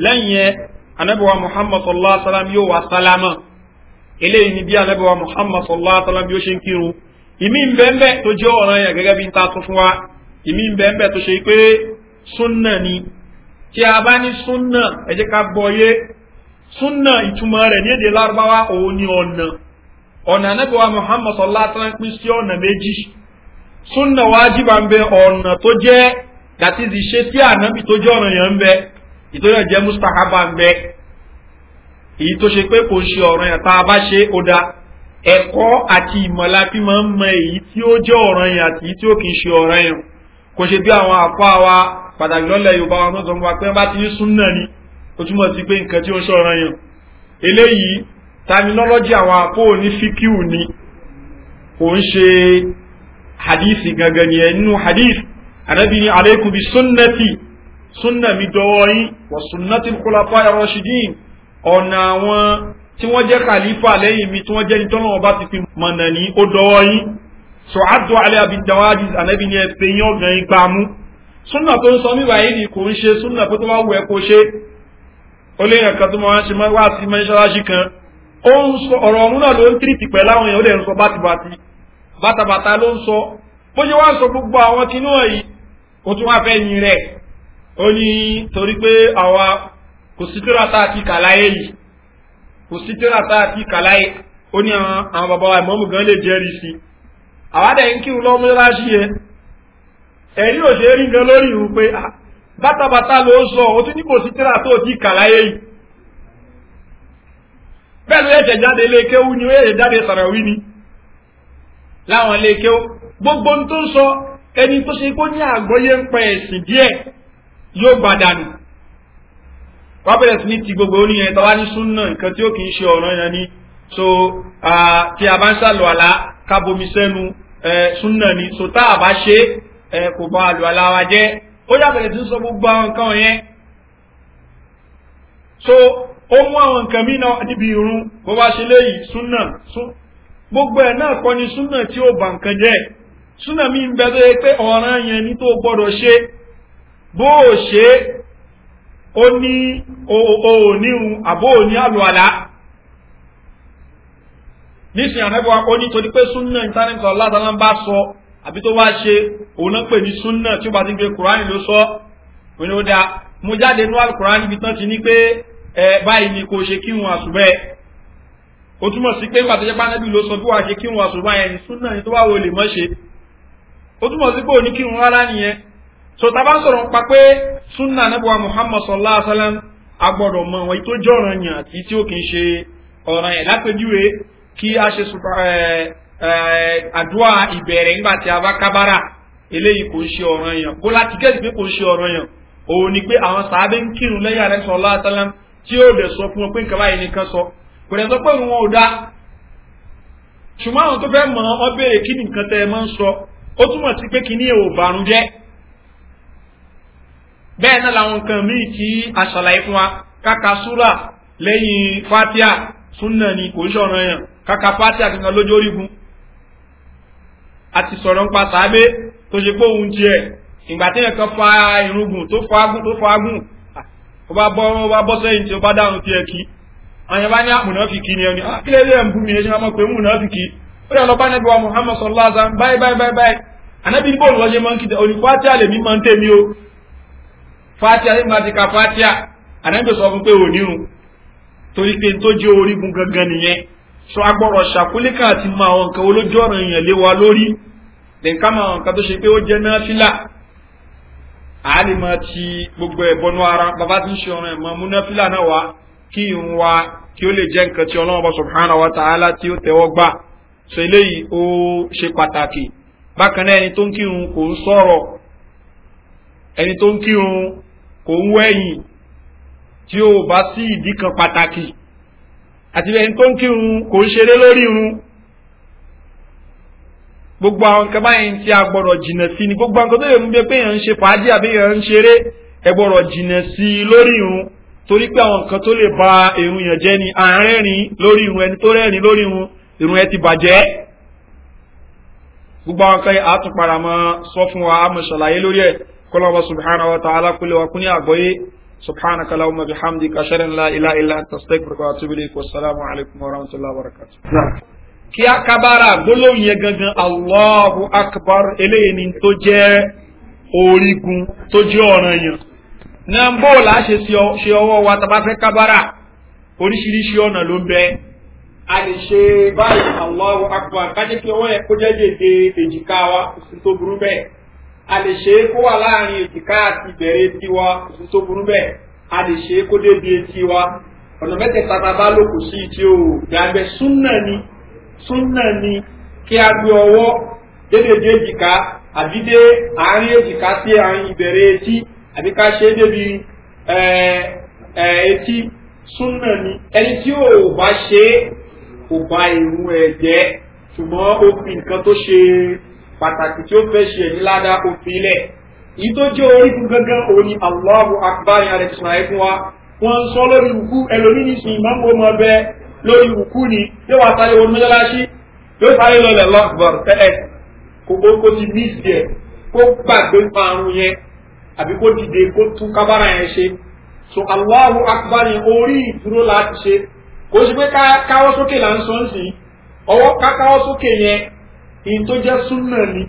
[SPEAKER 2] lẹ́yìn yẹn anabiwa muhammad sallallahu alaihi wa sallam yóò wá sálámà eléyìí ni bí anabiwa muhammad sallallahu alaihi wa sallam yóò ṣe ń kírun ìmí ń bẹ́ẹ̀ bẹ́ẹ̀ tó jẹ́ ọ̀ràn yẹn gẹ́gẹ́ bí n ta tún fún wa ìmí ń bẹ́ẹ̀ tó ṣe pé súnà ni tí a bá ní súnà ẹ jẹ́ ká gbọ́ yé súnà ìtumọ̀ rẹ̀ ní èdè lárúbáwá òun ni ọ̀nà ọ̀nà anábíwá muhammad sallallahu alaihi wasallam pín sí ọ̀nà méjì súnà wájibà ń bẹ ọ̀nà tó ìtòyọ̀ jẹ́ mustahaba ń bẹ èyí tó ṣe pé kò ṣe ọ̀ràn yẹn tá a bá ṣe ó da ẹ̀kọ́ àti ìmọ̀lá fi máa ń mọ èyí tí ó jẹ́ ọ̀ràn yẹn àti èyí tí ó kì í ṣe ọ̀ràn yẹn kò ṣe bí àwọn àpá wa pàtàkì lọ́lẹ̀ yorùbá wa tó ń wá pé bá ti ní súnà ni ó túmọ̀ sí pé nǹkan tí ó ṣe ọ̀ràn yẹn eléyìí terminology àwọn àpò òní fíkìú ni kò ń ṣe hadisi gangan yẹn nínú hadith anabi ni aleikum bi sunnati súnà mi dọwọ́ yín wọ́n kula pa kúlápá ẹ̀rọ ṣìdín ọ̀nà àwọn tí wọ́n jẹ́ kàlífà lẹ́yìn mi tí wọ́n jẹ́ nítorí wọn bá ti fi mọ̀nà ní ó dọwọ́ yín sọ àdó alẹ́ abidáwájú ni ẹ pé yín ọ̀gàn yín gbámú súnà tó ń sọ mí wáyé ni kò ń ṣe súnà pé tó bá wù ẹ kó ṣe ó lé yàn kan tó máa ń ṣe wá sí mọ́ṣáláṣí kan ó ń sọ ọ̀rọ̀ ọ̀run náà ló ń tìrìtì pẹ̀lú àwọn èèyàn ó dẹ̀ ń sọ bátibàti bátabàta ló ń sọ bó ṣe wá sọ gbogbo àwọn kinní wọ̀nyí ó tún wá fẹ́ yin rẹ̀ ó ní torí pé àwa kò sí tíra tá a ti kà láyé yìí kò sí tíra tá a ti kà láyé ó ní àwọn bàbá wa ìmọ̀mù gan lè jẹ́rìí sí i àwa dẹ̀ ń kírun lọ́mú láṣí yẹn ẹ̀rí ò ṣe rí gan lórí ìhùn pé ah, bátabàtà ló sọ ó tún ní kò sí tíra gbogbo ń tó sọ ẹni tó ṣe kó ní àgbọ́yé ń yóò gbà dànù wọ́n bẹ̀rẹ̀ sí ní ti gbogbo oníyẹn tọ́wá ní súnà nǹkan tí ó kì í ṣe ọ̀ràn yẹn ni so tí a bá ń ṣàlù àlá kábomi sẹ́nu ni so tá a bá ṣe kò bá àlù àlá wa jẹ́ ó yàbẹ̀rẹ̀ sí sọ gbogbo àwọn nǹkan yẹn so ó mú àwọn nǹkan mí náà níbi irun bó bá ṣe léyìí súnà gbogbo ẹ̀ náà kọ́ ni súnà tí ó bà nǹkan jẹ́ súnà mi ń bẹ tó yẹ pé ọ̀ràn yẹn ní tó gbọ́dọ̀ ṣe bó o ṣe ó ní òòníhun àbó òní àlùwàlá nísìnyí ànágbà ó ní torí pé súnà ìtánẹ́tì ọ̀làdánlá ń bá sọ àbí tó wá ṣe òun náà pè ní súnà tí ó bá ti gbé kùránì ló sọ òun ó dáa mo jáde nú alukùránì ibi tán ti ní pé ẹ báyìí ni kò ṣe kírun àṣùbẹ́ o túmọ̀ sí pé pàtó jẹ́pá nábì ló sọ bí wàá ṣe kírun àṣùbá yẹn ní súnà ní tó wá wo mọ́ ṣe o túmọ̀ sí pé òní kírun rárá nìyẹn so tá a bá sọ̀rọ̀ nípa pé sunna muhammad sallallahu alayhi wa sallam agbọ́dọ̀ mọ àwọn ètò ìjọ ọ̀ràn yàn àti tí ó kì í ṣe ọ̀ràn yẹn lápẹjúwe kí a ṣe àdúrà ìbẹ̀rẹ̀ nígbà tí a bá kábàrà eléyìí kò ń ṣe ọ̀ràn yàn bó láti kẹ́sì pé kò ń ṣe ọ̀ràn yàn òun ni pé àwọn sàábé ń kírun lẹ́yìn àrẹ sọ̀rọ̀ àtàlám tí ó lè sọ fún wọn pé nǹkan báyìí nìkan sọ kò lè sọ pé òun ò dáa ṣùgbọ́n àwọn tó fẹ́ mọ̀ ọ́ béèrè kí nìkan tẹ́ ẹ máa ń sọ ó túmọ̀ sí pé kí bẹ́ẹ̀ náà làwọn nǹkan míì tí a fún wa káka súrà lẹ́yìn fatia súnà ni kò ń ṣọ̀ràn yàn káka fatia kankan lójú orígun a ti sọ̀rọ̀ ń pa sàábé tó ṣe pé òun tiẹ̀ ìgbà tí kan fa irungun tó fa agún tó fa agún ó bá bọ́ ó bá bọ́ sẹ́yìn tí ó bá dáhùn tiẹ̀ kí àyàn bá ní àmùnáfìkì ah, ni ẹni àkílẹ̀ ah, ilé ẹ̀ ń bú mi ẹṣin ọmọ pé múnáfìkì ó yà lọ bá nẹbi wa muhammad sallallahu alaihi wa sallam báyìí báyìí báyìí anabi bóun lọ ṣe máa ń kí onífàtíà lèmi máa ń tèmi o fatia ní bá ti ka fatia ànábì sọ fún pé ò nírun torí pé tó jẹ́ orígun gangan nìyẹn sọ agbọ́rọ̀ ṣàkúlíkà àti máa àwọn nǹkan olójú ọ̀ràn èèyàn lé wa lórí nǹkan máa àwọn nǹkan tó ṣe pé ó jẹ́ náà fílà àálì máa ti gbogbo ẹ̀bọnú ara bàbá tí ń ṣe ọ̀ràn ẹ̀mọ́ múná fílà náà wá kí ìrun wa kí ó lè jẹ́ nǹkan tí ọlọ́run bá subhana wa ta'ala tí ó tẹ̀wọ́ gbà sọ eléyìí ó ṣe pàtàkì bákan náà ẹni tó ń kírun kò ń sọ̀rọ̀ ẹni tó ń kírun kò ń wẹ́yìn tí ó bá sí ìdí kan pàtàkì àti ẹni tó ń kírun kò ń ṣeré lórí irun gbogbo àwọn nǹkan báyìí tí a gbọ́dọ̀ jìnà sí ni gbogbo àwọn nǹkan tó yẹ mú bí pé èèyàn ń ṣe fàájì àbí èèyàn ń ṣeré ẹ gbọ́dọ̀ jìnà sí i lórí irun torí pé àwọn nǹkan tó lè ba irun yẹn jẹ́ ni àárẹ̀rìn lórí irun ẹni tó rẹ́rìn lórí irun irun ẹ ti bàjẹ́ gbogbo àwọn nǹkan yẹn àtúnparamọ́ sọ fún wa àmọ́ lórí ẹ̀ kọlọ́ba subhanahu wa ta'ala kúlé wa kún ní àgbọ́yé subhanaka lahumma bihamdika asharin la ilaha illa anta astaghfiruka wa atubu ilayk wa assalamu alaykum wa rahmatullahi wa barakatuh kí a kábára gbólóhùn yẹn gangan allahu akbar eléyìí ni tó jẹ́ orígun tó jẹ́ ọ̀ràn yẹn náà bó la ṣe ṣe ọwọ́ wa tá a bá fẹ́ kábára oríṣiríṣi ọ̀nà ló ń bẹ a lè ṣe báyìí allahu akbar kájẹ́ kí ọwọ́ yẹn kó jẹ́ jèjì èjìká wa kò sí tó burú bẹ́ẹ̀. a lè ṣe é kó wà láàrin èjìká àti ìbẹ̀rẹ̀ etí wa kò tó burú bẹ́ẹ̀ a lè ṣe é kó débi etí wa ọ̀nà mẹ́tẹ̀ẹ̀ta ta bá lòkù sí ti o gbàgbẹ́ súnà ni súnà ni kí a gbé ọwọ́ dédédé àbí dé àárín sí àárín ìbẹ̀rẹ̀ etí àbí ká ṣe é débi etí súnà ni ẹni tí bá ṣe pàtàkì tí ó fẹ́ ṣe ẹ̀ ní ládá òfin lẹ̀ èyí tó jẹ́ orígun gangan òun ni allahu akbar yàrá ìṣúná ẹ̀ fún wa wọ́n sọ lórí ìwùkú ẹlòmí ní sin ìmọ̀ ọmọ ọbẹ̀ lórí ìwùkú ni yóò wá sáré wọn mọ́ṣáláṣí
[SPEAKER 3] yóò sáré lọ lẹ̀
[SPEAKER 2] lọ́gbọ̀n tẹ́lẹ̀ kókó kó ti mí sí ẹ̀ kó gbàgbé parun yẹn àbí kó dìde kó tún kábàrà yẹn ṣe so allahu akbar orí ìdúró láti ṣe kò sí pé káwọ́ sókè là ń sọ ń sìn ọwọ́ káwọ́ sókè yẹn in tó jẹ́ súnà ni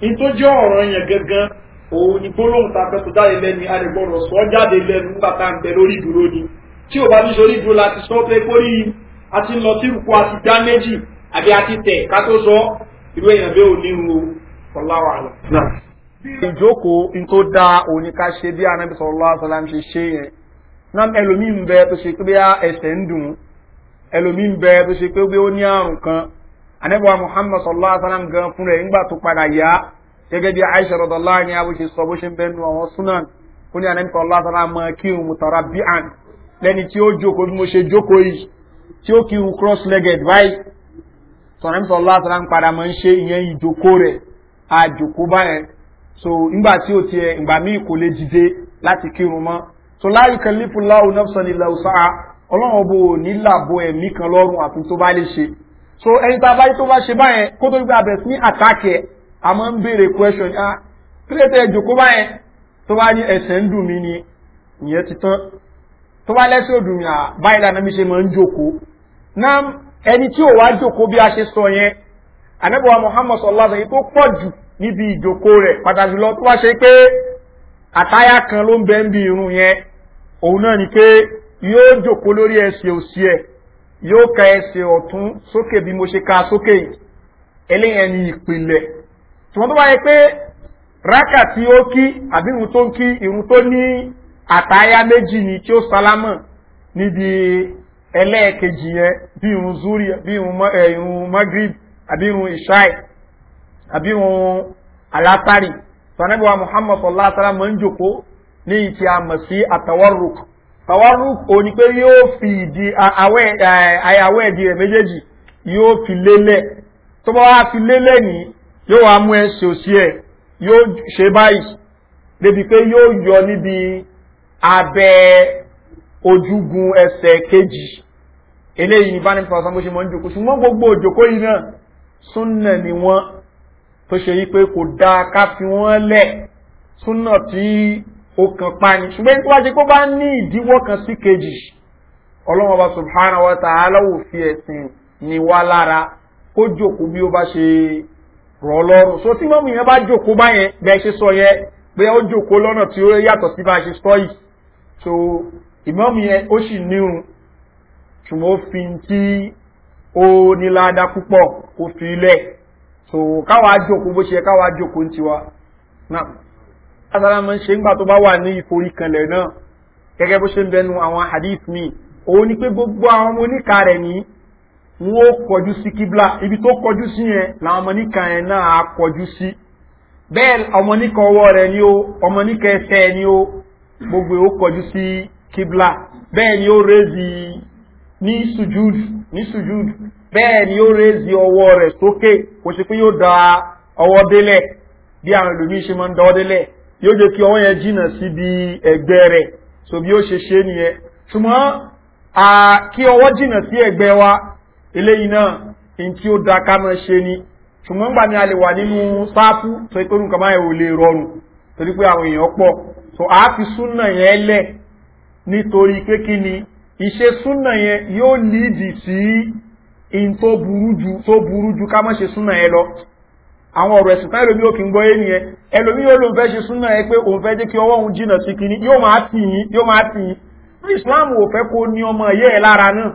[SPEAKER 2] in tó jẹ́ ọ̀ràn yẹn gangan òun ni gbólóhùn ta fẹ́ tó jáde lẹ́nu arẹ̀gbọ́rọ̀ sọ jáde lẹ́nu nígbà tá à ń bẹ lórí ìdúró ni tí ò bá ní sórí ìdúró láti sọ pé kórì àti lọ sí ìrùkọ àti dá méjì àbí àti tẹ̀ ká tó sọ irú èèyàn bẹ́ẹ̀ ò ní ru ọ̀làwà lọ. ìjókòó in tó dáa òun ká ṣe bí anábì sọ̀rọ̀ lọ́wọ́ sọ́lá ń ṣe ṣe yẹn náà ẹlòmíì ń bẹ tó ṣe pé ẹsẹ̀ ń dùn ẹlòmíì ń bẹ tó ṣe pé ó ní àrùn kan anabiwa muhammad sallallahu alaihi wa sallam gan fún rẹ̀ ńgbà tó padà yá gẹ́gẹ́ bí aisha rọ̀dọ̀lá ni a bó ṣe sọ bó ṣe sunan fún ní anabi sallallahu alaihi wa sallam máa kírun mutara bí'an lẹ́ni tí mo ṣe jókòó yìí tí ó kírun cross legged báyìí sọ anabi sallallahu alaihi wa sallam padà máa ń ṣe ìyẹn ìjókòó rẹ̀ àjòkó báyẹn so ńgbà tí ó tiẹ̀ mi míì kò lè dìde láti kírun mọ́ so láyé kan lífúnláwù náfsàn ilẹ̀ ọ̀sán ọlọ́run ọbọ̀ ò ní làbọ̀ ẹ̀mí kan lọ́rùn àfi tó bá lè ṣe so ẹni tá a bá yí tó bá ṣe báyẹn a máa ń béèrè question ah báyẹn tó bá ní ẹsẹ̀ ń ni ìyẹn ti tán tó bá lẹ́sẹ̀ ò dùn mí à ah, báyìí lànà mi ṣe máa ń jòkó náà ẹni tí a ṣe sọ yẹn anábọ̀wá muhammad sọlá sọ yìí tó pọ̀ jù lọ tó ṣe pé kan ló ń ń irun yẹn ni pé yóò jòkó lórí ẹsẹ̀ òsì yóò ka ẹsẹ̀ ọ̀tún sókè bí mo ṣe ka sókè eléyẹn ni ìpìlẹ̀ tùmọ̀ tó bá yẹ pé rákà tí ó kí àbí irun tó ń kí irun tó ní àtayá méjì ni tí ó salámọ̀ níbi ẹlẹ́ẹ̀kejì yẹn bí irun zuri bí irun eh, magrib àbí irun ishai àbí irun alátari tọ́nẹ́bíwá muhammad sallallahu alaihi wa sallam ń jòkó ní ìtì àmọ̀ sí àtàwárùkù tawaruk o ni pé yóò fi ìdí àyàwó ẹ̀dí rẹ̀ méjèèjì yóò fi lélẹ̀ tó bá wá fi lélẹ̀ ní yóò wá mú ẹsẹ̀ òsì ẹ̀ yóò ṣe báyìí débi pé yóò yọ níbi abẹ́ ojúgun ẹsẹ̀ kejì eléyìí ní bánipọ̀ mọ́ ó kan pani ṣùgbọ́n tó bá ṣe kó bá ní ìdíwọ́ kan sí kejì ọlọ́run ọba subhana wa ta'ala ò fi ẹ̀sìn ní wá lára kó jòkó bí ó bá ṣe rọ̀ ọlọ́run so tí mọ́mù yẹn bá jòkó báyẹn bẹ́ẹ̀ ṣe sọ yẹn pé ó jòkó lọ́nà tí ó yàtọ̀ sí bá ṣe sọ yìí so ìmọ́mù yẹn ó sì níhun ṣùgbọ́n ó fi tí ó ní púpọ̀ ó fi ilẹ̀ so káwàá jòkó bó ṣe káwàá jòkó ń tiwa náà sára máa ń ṣe ńgbà tó bá wà ní ìforí kanlẹ̀ náà gẹ́gẹ́ bó ṣe ń bẹnu àwọn hadith mi òun ni pé gbogbo àwọn ọmọ oníka rẹ̀ ní wọ́n ó kọjú sí kíbla ibi tó kọjú sí yẹn làwọn ọmọ oníka yẹn náà á kọjú sí bẹ́ẹ̀ ọmọ oníka ọwọ́ rẹ̀ ni ó ọmọ oníka ẹsẹ̀ ni ó gbogbo ó kọjú sí kíbla bẹ́ẹ̀ ni ó rézi ní sujud ní sujud bẹ́ẹ̀ ni ó rézi ọwọ́ rẹ̀ sókè kò sí pé yóò da ọwọ́ délẹ̀ bí àwọn ẹlòmíín ṣe máa ń da ọ délẹ̀ yóò jẹ́ kí ọwọ́ yẹn jìnà síbi ẹgbẹ́ rẹ̀ so bí ó ṣe ṣe nìyẹn ṣùgbọ́n a kí ọwọ́ jìnà sí ẹgbẹ́ wa eléyìí náà in tí ó da ká máa ṣe ni ṣùgbọ́n gbà ní a wà nínú sáfù tó ipé nǹkan máa ò lè rọrùn torí pé àwọn èèyàn pọ̀ so a fi súnà yẹn lẹ̀ nítorí pé kí ni ìṣe súnà yẹn yóò lídì sí in tó burú ju tó burú ju ká má ṣe súnà yẹn lọ àwọn ọ̀rọ̀ ẹ̀sìn tán ẹlòmí òkè ń gbọ́ ẹni ẹ ẹlòmí yóò lóun fẹ́ ṣe súnà ẹ pé òun fẹ́ jẹ́ kí ọwọ́ òun jìnà sí kìíní yóò máa tì yín yóò máa tì yín islam ò fẹ́ kó ní ọmọ ẹ̀yẹ́ ẹ̀ lára náà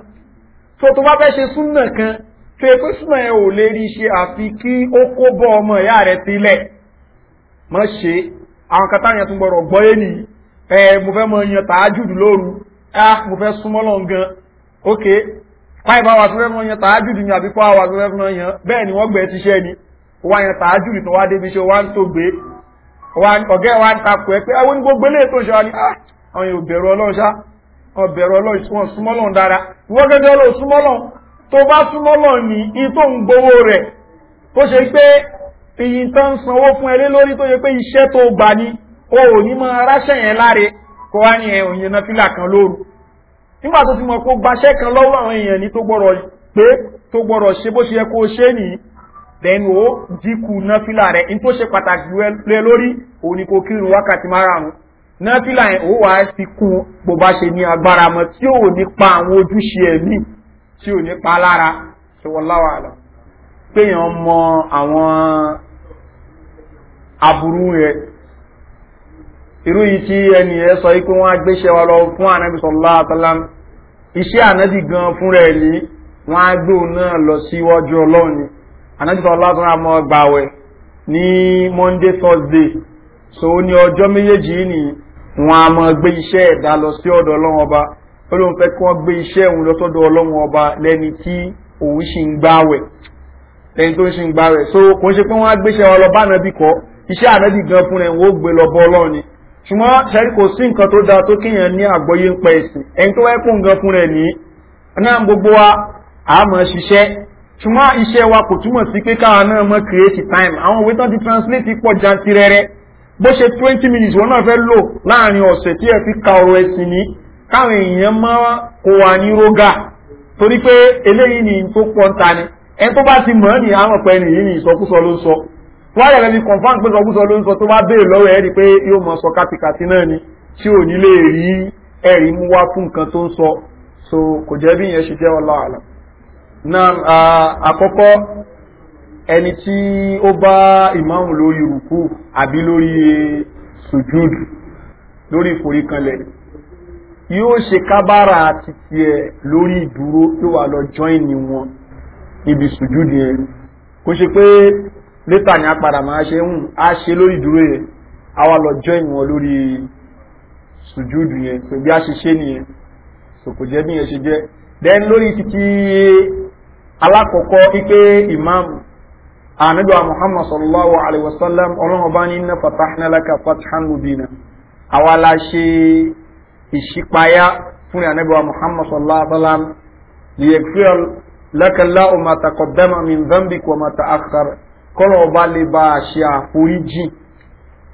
[SPEAKER 2] tó tó bá fẹ́ ṣe súnà kan tó yẹ pé súnà ẹ ò lè rí ṣe àfi kí ó kó bọ́ ọmọ ẹ̀yà rẹ̀ sílẹ̀ mọ́ ṣe àwọn kata yẹn tún gbọ́dọ̀ gbọ́ ẹni ẹ mo fẹ́ mọ yan tàájùd lóru ah mo fẹ́ súnmọ́ lọ́n gan ok five hours fẹ́ mọ yan tàájùd ni àbí four hours fẹ́ mọ yan bẹ́ẹ̀ ni wọ́n gbẹ ti ṣẹ́ ni wá yẹn tààjú ìtàn wá débi ṣe wá ń tó gbé ọ̀gẹ́ wá ń takò ẹ pé ẹwọ́ ah, ní gbogbo ilé ètò ìṣọ́ ni ah, àwọn yóò bẹ̀rù ọlọ́ṣá wọn bẹ̀rù ọlọ́ṣùwọ̀n súnmọ́lọ́n dára wọ́n gẹ́gẹ́ lọ súnmọ́lọ́n tó bá súnmọ́lọ́n ní ìtò ń gbowó rẹ̀ tó ṣe pé iyì tó ń sanwó fún ẹlé lórí tó ṣe pé iṣẹ́ tó gbà ni o ò ní mọ aráṣẹ́ yẹn láre kó wá ní ẹ̀hùn yẹn náfìlà kan lóru nígbà tó ti mọ̀ kó gbaṣẹ́ kan lọ́wọ́ àwọn èèyàn ní tó gbọ́rọ̀ pé tó gbọ́rọ̀ ṣe bó ṣe yẹ kó ṣe nìyí then o dínkù náfìlà rẹ̀ n tó ṣe pàtàkì lé lórí òun ni kò kírun wákàtí márùn-ún náfìlà yẹn ó wàá fi kún bó bá ṣe ní agbára mọ́ tí ò ní pa àwọn ojúṣe ẹ̀mí tí ò ní pa lára ṣòwòláwà àlọ́ péyàn mọ àwọn aburú rẹ̀ irú yìí tí ẹnì yẹn sọ pé wọ́n á gbéṣẹ́ wa lọ fún ànábì sọ̀lá àtàlámù iṣẹ́ ànábì gan fúnra ẹ̀ ní wọ́n á gbóhùn náà lọ síwájú ọlọ́run ni anájútọ̀ ọlátún àmọ́ gbàwẹ̀ ní monday thursday so ní ọjọ́ méjèèjì ní wọn a mọ́ gbé iṣẹ́ ẹ̀dá lọ sí ọ̀dọ̀ ọlọ́run ọba ó lóun fẹ́ kí wọ́n gbé iṣẹ́ òun lọ́sọ́dọ̀ ọlọ́run ọba lẹ́ni tí òun ṣì ń gbàwẹ̀ lẹ́ni tó ń ṣì ń gbàwẹ̀ so kò ń ṣe pé wọ́n á gbéṣẹ́ wọn lọ bá ànábì kọ́ iṣẹ́ ànábì gan fún rẹ̀ wọ́n ó gbé lọ bọ́ ọlọ́run ni ṣùgbọ́n ṣẹ́rí kò sí nǹkan tó dáa tó kíyàn ní àgbọ́yé ń pẹ̀ ẹ̀sìn ẹni tó wáyé kó gan fún rẹ̀ ní náà gbogbo wa àmọ́ ṣiṣẹ́ ṣùgbọ́n iṣẹ́ wa kò túmọ̀ sí pé káwa náà mọ́ create time àwọn òwe tán ti translate pọ̀ jantirẹrẹ bó ṣe twenty minutes wọn náà fẹ́ lò láàrin ọ̀sẹ̀ tí ẹ fi ka ọ̀rọ̀ ẹ̀sìn ní káwọn èèyàn máa kó wa ní rógà torí pé eléyìí ni tó pọ̀ ń ta ni ẹni tó bá ti mọ̀ ẹ́ ní àwọn ọ̀pẹ nìyí ni ìsọkúsọ ló ń sọ wọ́n yẹ̀rẹ̀ ní confam pé ìsọkúsọ ló ń sọ tó bá béèrè lọ́wọ́ ẹ̀ rí pé yóò mọ̀ sọ kátìkàtì náà ni tí ò ní lè rí ẹ̀rí mú wá fún nǹkan tó ń sọ so kò jẹ́ bí ìyẹn ṣe jẹ́ ọlọ́
[SPEAKER 1] náà
[SPEAKER 2] àkọ́kọ́ ẹni tí ó bá ìmáhùn lórí rùkú àbí lórí sujúd lórí ìforíkanlẹ̀ yóò ṣe kábára àti ti ẹ̀ lórí ìdúró tó wà lọ jọ́ìnì wọn níbi sujúd yẹn kò ṣe pé létà ni a padà máa ṣe ń a ṣe lórí ìdúró yẹn a wà lọ jọ́ìnì wọn lórí sujúd yẹn so bí a ṣe ṣe nìyẹn so bí yẹn ṣe jẹ́ then lórí títí alákọ̀ọ́kọ́ ipé ìmáàmù ànájọ́ muhammad sallallahu alaihi wasallam ọlọ́run ọba ní iná fatahna laka fathan mubina àwa la ṣe ìṣípayá fún ànájọ́ muhammad sallallahu alaihi wasallam liyekfir lakala o ma takọ̀dẹ́mà min zambi kò ma ta akar kọ́lọ̀ ọba lè bá a ṣe àforíjì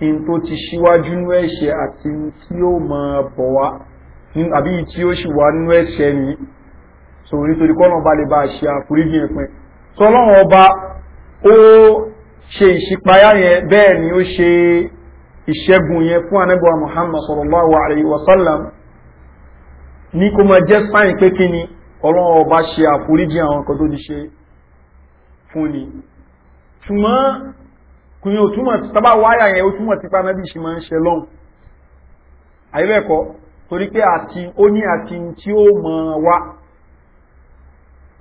[SPEAKER 2] in tó ti ṣíwájú nú ẹ̀ṣẹ̀ àti tí ó máa bọ̀ wá àbí tí ó ṣì wá nú ẹ̀ṣẹ̀ nìyí so nítorí kọ́nà ọba lè bá a ṣe àforíjì ìpín sọlọ́run ọba ó ṣe ìṣípayá yẹn bẹ́ẹ̀ ni ó ṣe ìṣẹ́gun yẹn fún anábíwá muhammad sallallahu alayhi wa ní kó máa jẹ́ sáyìn pé kí ni ọlọ́run ọba ṣe àforíjì àwọn nǹkan tó ti ṣe fún ni ṣùgbọ́n kùnyìn òtúmọ̀ tábà wáyà yẹn ó túmọ̀ tipa náà bí ṣe máa ń ṣe lọ́hùn àyẹ́bẹ̀kọ́ torí pé ó ní àti tí ó mọ̀ wá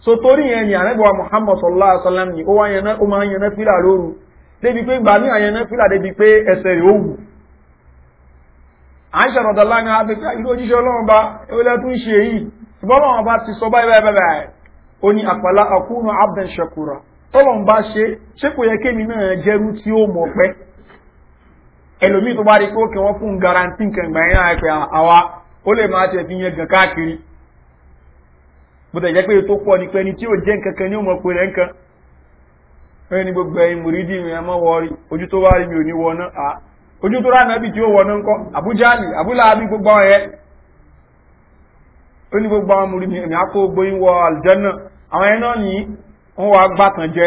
[SPEAKER 2] so torí yẹn ni muhammadu muhammad sallallahu alaihi wasallam ni ó máa ń yẹnẹ́ fílà lóru débi pé gbàmí àyẹnẹ́ fílà débi pé ẹsẹ̀ rẹ̀ ó wù àìṣẹ́ rọ̀dọ̀lá ní abẹ́ká ìlú òjíṣẹ́ ọlọ́run bá ewélẹ́ ṣe yìí ṣùgbọ́n wọn bá ti sọ báyìí báyìí ó bó tẹ̀ jẹ́ pé tó pọ̀ ní pé ní tí ó jẹ́ nǹkan kan ní ọmọ pé rẹ̀ nǹkan ẹni ní gbogbo ẹ̀yìn mùrídì mi ẹmọ wọrí ojú tó wá rí mi ò ní wọná à ojú tó rà nábì tí ó wọná ńkọ àbújá lì àbúlà àbí gbogbo àwọn ẹ̀ ó ní gbogbo àwọn mùrídì mi àkó gbogbo yín wọ àlùjọ́nà àwọn ẹ̀ náà ní wọ́n wá gbàtàn jẹ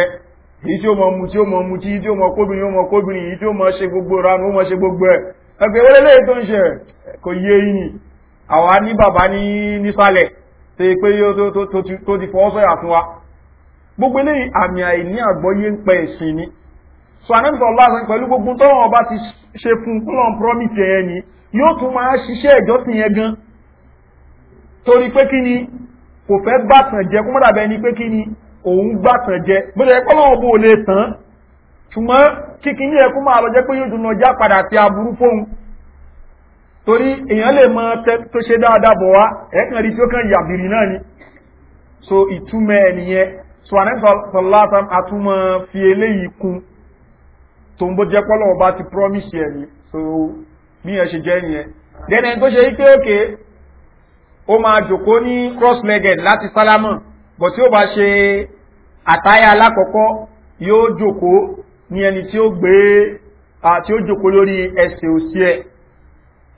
[SPEAKER 2] èyí tí ó mọ mu tí ó mọ mu tí tí ó mọ kóbìnrin ó mọ kóbìnrin èyí tí ó mọ ṣe gbogbo ranu ó mọ ṣe gbogbo ẹ ẹgbẹ́ wọlé lẹ́yìn tó ń ṣe kò yé yín ni àwa ní bàbá ní nísàlẹ̀ tó yẹ pé tó ti fọwọ́ sọ́yà fún wa gbogbo eléyìí àmì àìní àgbọ́yé ń pẹ ìsìn ni so anẹ́bìtọ̀ ọlọ́run pẹ̀lú gbogbo tọ́wọ́n ọba ti ṣe fún fúnlọ́n promise ẹ̀yẹ ni yóò tún máa ṣiṣẹ́ ìjọsìn yẹn gan torí pé kí ni kò fẹ́ gbàtàn jẹ kó mọ́ dàbẹ́ ni pé kí ni òun gbàtàn jẹ bó ṣe pọ́lọ́ torí èèyàn lè mọ tó ṣe dáadáa bọ̀ wá ẹ̀kàn rí tí ó kàn yàbìrì náà ni so ìtumẹ̀ ẹnìyẹn so ànẹ́sọ̀látàm àtúmọ̀ fi eléyìí kún tó ń bó jẹ́ pọ́lọ̀ ọba ti promise ẹ̀ ni so bí yẹn ṣe jẹ́ yẹn dẹ́nẹ̀ tó ṣe wípé òkè ó máa jòkó ní cross-legged láti sálámọ̀ bọ̀ tí ó bá ṣe àtáyà alákọ̀ọ́kọ́ yóò jòkó ní ẹni tí ó gbé tí ó jòkó lórí ẹsẹ̀ òsì ẹ̀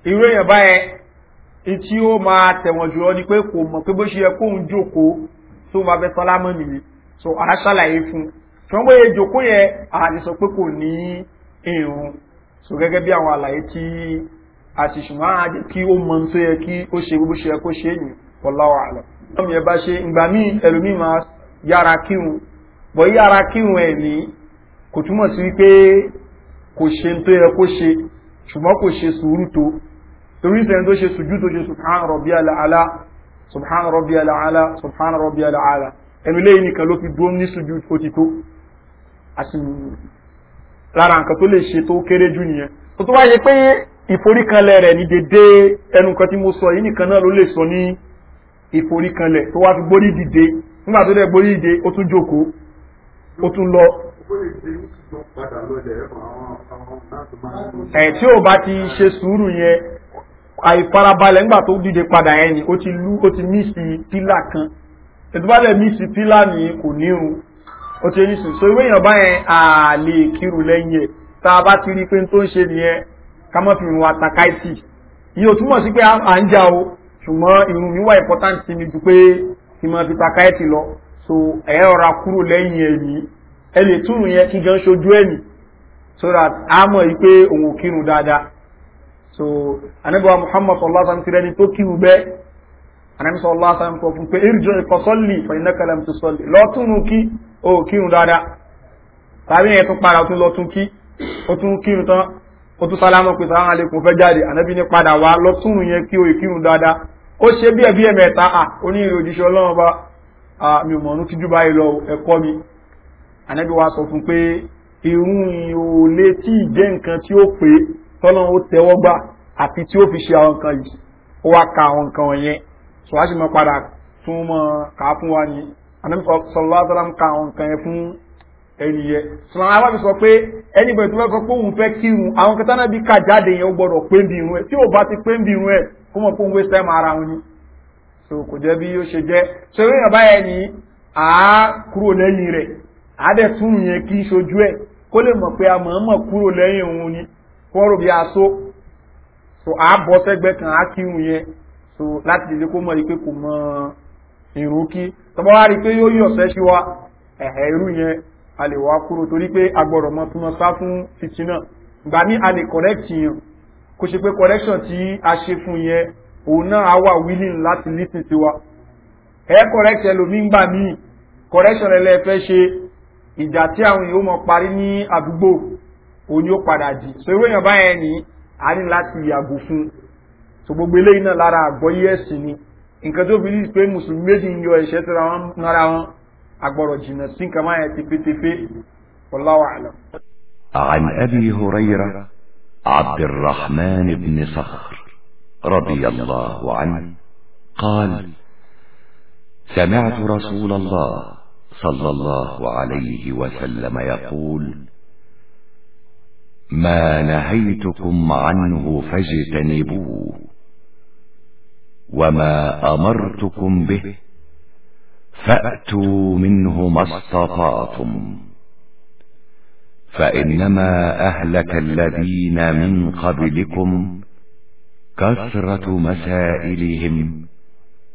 [SPEAKER 2] irú èèyàn báyẹn tí ó máa tẹ̀wọ̀n jùlọ ni pé kò mọ̀ pé bó ṣe yẹ kóun jókòó tó máa fẹ́ sálámọ́ nìyí so a ṣàlàyé fún un ṣùgbọ́n bóyá ìjókòó yẹn a lè sọ pé kò ní irun so gẹ́gẹ́ bí àwọn àlàyé tí a ti ṣùgbọ́n a jẹ́ kí ó mọ tó yẹ kí ó ṣe bó ṣe yẹ kó ṣe èyí ọláwà àlọ́ ọmọ yẹn bá ṣe ìgbà míì ẹlòmíì máa yára kírun bọ̀ yára kírun ẹ̀ ní kò túmọ̀ sí wípé kò ṣe tó yẹ kó ṣe ṣùgbọ́n kò ṣe sùúrù tó torí sẹ́yìn tó ṣe sùjú tó ṣe subhanahu rabbi ala'ala subhanahu rabbi ala'ala subhanahu rabbi ala'ala ẹnu lẹ́yìn nìkan ló fi dúró ní sùjú ó ti tó àti lára nǹkan tó lè ṣe tó kéré jù nìyẹn tó tó wáyé pé ìforíkanlẹ̀ rẹ̀ ní dédé ẹnu kan tí mo sọ yìí nìkan náà ló lè sọ àìfarabalẹ̀ ńgbà tó dìde padà ẹni ó ti lú ó ti mísì pílà kan ẹ̀dùbálẹ̀ mísì pílà ní kò nírun ó ti ní sùn so ìwé èèyàn báyẹn ààlè kírù lẹ́yìn ẹ̀ tá a bá ti rí pé tó ń ṣe nìyẹn ká mọ́ fi rìn wa takaiti yìí ò túmọ̀ sí pé à ń jà o ṣùgbọ́n irun mi wà important sí mi ju pé kí mọ́ fi takaiti lọ so ẹ̀ rọra kúrò lẹ́yìn ẹ̀ ẹ lè túrù yẹn kí gan ṣojú ẹ̀ so that a mọ̀ yìí pé òun ò kírun dáadáa so anabiwa muhammad sallallahu alaihi wasallam tirẹni tó kíwù bẹ anabi sallallahu alaihi wasallam kọ fún pé irjọ ìkọsọlì fẹyìnà kalam tó sọlì lọtúnú kí o kírun dáadáa tàbí yẹn tún padà tún lọtún kí o tún kírun tán o tún sálámù pé sàrán alekun fẹ jáde anabi ní padà wá lọtúnú yẹn kí o kírun dáadáa ó ṣe bí ẹbí ẹmẹta à ó ní èrè òjíṣẹ ọlọrun bá a mi ò mọ ọdún kíjú báyìí lọ ẹkọ mi anabi wa sọ fún pé irun ìhòòlé tí ì jẹ nǹkan tí ó pé tọ́lọ́ ó tẹ́wọ́ gbà àti tí ó fi ṣe àwọn nǹkan yìí ó wá ka àwọn nǹkan wọ̀nyẹn sọ wá sì mọ padà tún mọ kà á fún wa ni àná sọlá sọlá ń ka àwọn nǹkan yẹn fún ẹni yẹn sọlá wọn fi sọ pé ẹni bẹ̀rẹ̀ tó bá sọ pé òun fẹ́ kírun àwọn kẹta náà bí ká jáde yẹn ó gbọ́dọ̀ pé ń bí irun ẹ̀ tí ò bá ti pé ń bí irun ẹ̀ kó mọ̀ pé waste time ara wọn ni so kò jẹ́ bí ó ṣe jẹ́ so eré yàrá ni à á kúrò lẹ́yìn rẹ̀ àádẹ́tún yẹn kí í ṣojú ẹ̀ kó lè mọ̀ pé a mọ̀ kúrò lẹ́yìn òun ni wọ́n rò bí aṣó so àábọ̀ sẹ́gbẹ́ kan á kírun yẹn so láti lè kó mọ̀ rí pé kò mọ irun kí tọ́bọ́ wá rí pé yóò yọ̀ sẹ́ṣí wa ẹ̀hẹ̀ irú yẹn a lè wá kúrò torí pé agbọ̀rọ̀ mọ́ túnmọ̀ sá fún fitinà gbà ní a lè correct yẹn kò ṣe pé correction tí a ṣe fún yẹn òun náà á wà willing láti listen sí wa ẹ̀ correct ẹlòmí ń gbà míì correction ẹlẹ́ẹ̀fẹ́ ṣe ìjà tí àwọn èèyàn mọ̀ parí ní àdúgbò òun o padà di so iwe irú ba báyẹn ni a ní láti yàgò fún so gbogbo eleyi na lára agbo yes ni nkan tó fi rí pé mùsùlùmí méjì ń yọ ẹ̀ṣẹ́ tó nara wọn agbọ́rọ̀ jìnnà sí nǹkan máa yẹn tefetefe ọláwà àlọ́.
[SPEAKER 3] عن أبي هريرة عبد الرحمن بن صخر رضي الله عنه قال سمعت رسول الله صلى الله عليه وسلم يقول ما نهيتكم عنه فاجتنبوه وما أمرتكم به فأتوا منه ما استطعتم فإنما أهلك الذين من قبلكم كثرة مسائلهم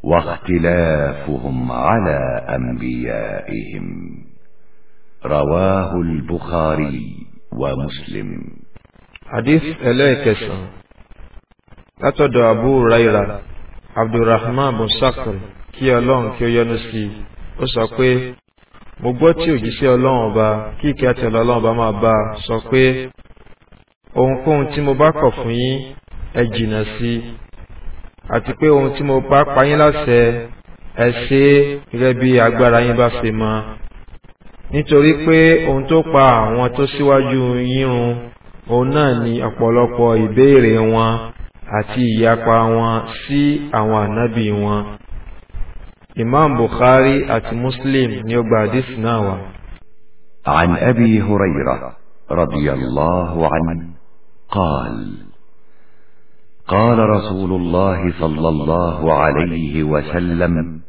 [SPEAKER 3] واختلافهم على أنبيائهم رواه البخاري ومسلم حديث
[SPEAKER 1] إليكس أتدى أبو هريرة عبد الرحمن بن سكر كي ألون كي ينسكي أسأقوي mo gbọ́ tí òjíṣẹ́ ọlọ́run ọba kíkẹ́ àti ọlọ́run ọba máa bá a sọ pé ohunkóhun tí mo bá kọ̀ fún yín ẹ jìnnà sí i àti pé ohun tí mo bá pa yín láṣẹ ẹ ṣe é gẹ́gẹ́ bí agbára yín bá ṣe mọ́ nítorí pé ohun tó pa àwọn tó síwájú yírun òun náà ni ọ̀pọ̀lọpọ̀ ìbéèrè wọn àti ìyapa wọn sí àwọn ànábì wọn imam buhari àti muslim ni ó gba àdìsí náà wá.
[SPEAKER 3] عن أبي هريرة رضي الله عنه قال قال رسول الله صلى الله عليه وسلم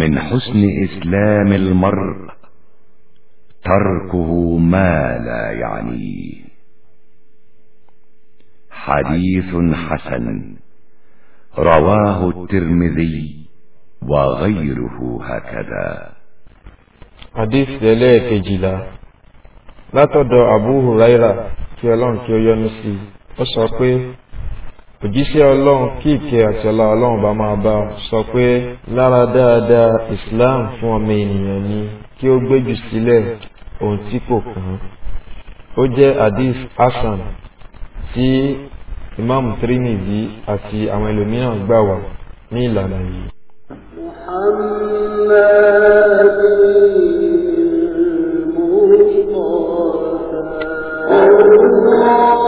[SPEAKER 3] من حسن اسلام المرء تركه ما لا يعنيه حديث حسن رواه الترمذي وغيره هكذا
[SPEAKER 1] حديث ليلة جلا لا تدع أبوه غيره في الله كي ينسي أصحابه òjíṣẹ́ ọlọ́run kíkẹ àti ọlá ọlọ́run bá máa bá sọ pé lára dáadáa islam fún ọmọ ènìyàn ni kí ó gbéjù sílẹ̀ ohun tí kò kàn ó jẹ́ hadith hasan tí imam trinidi àti àwọn ẹlòmíràn gbà wá
[SPEAKER 3] ní ìlànà yìí.
[SPEAKER 1] Allah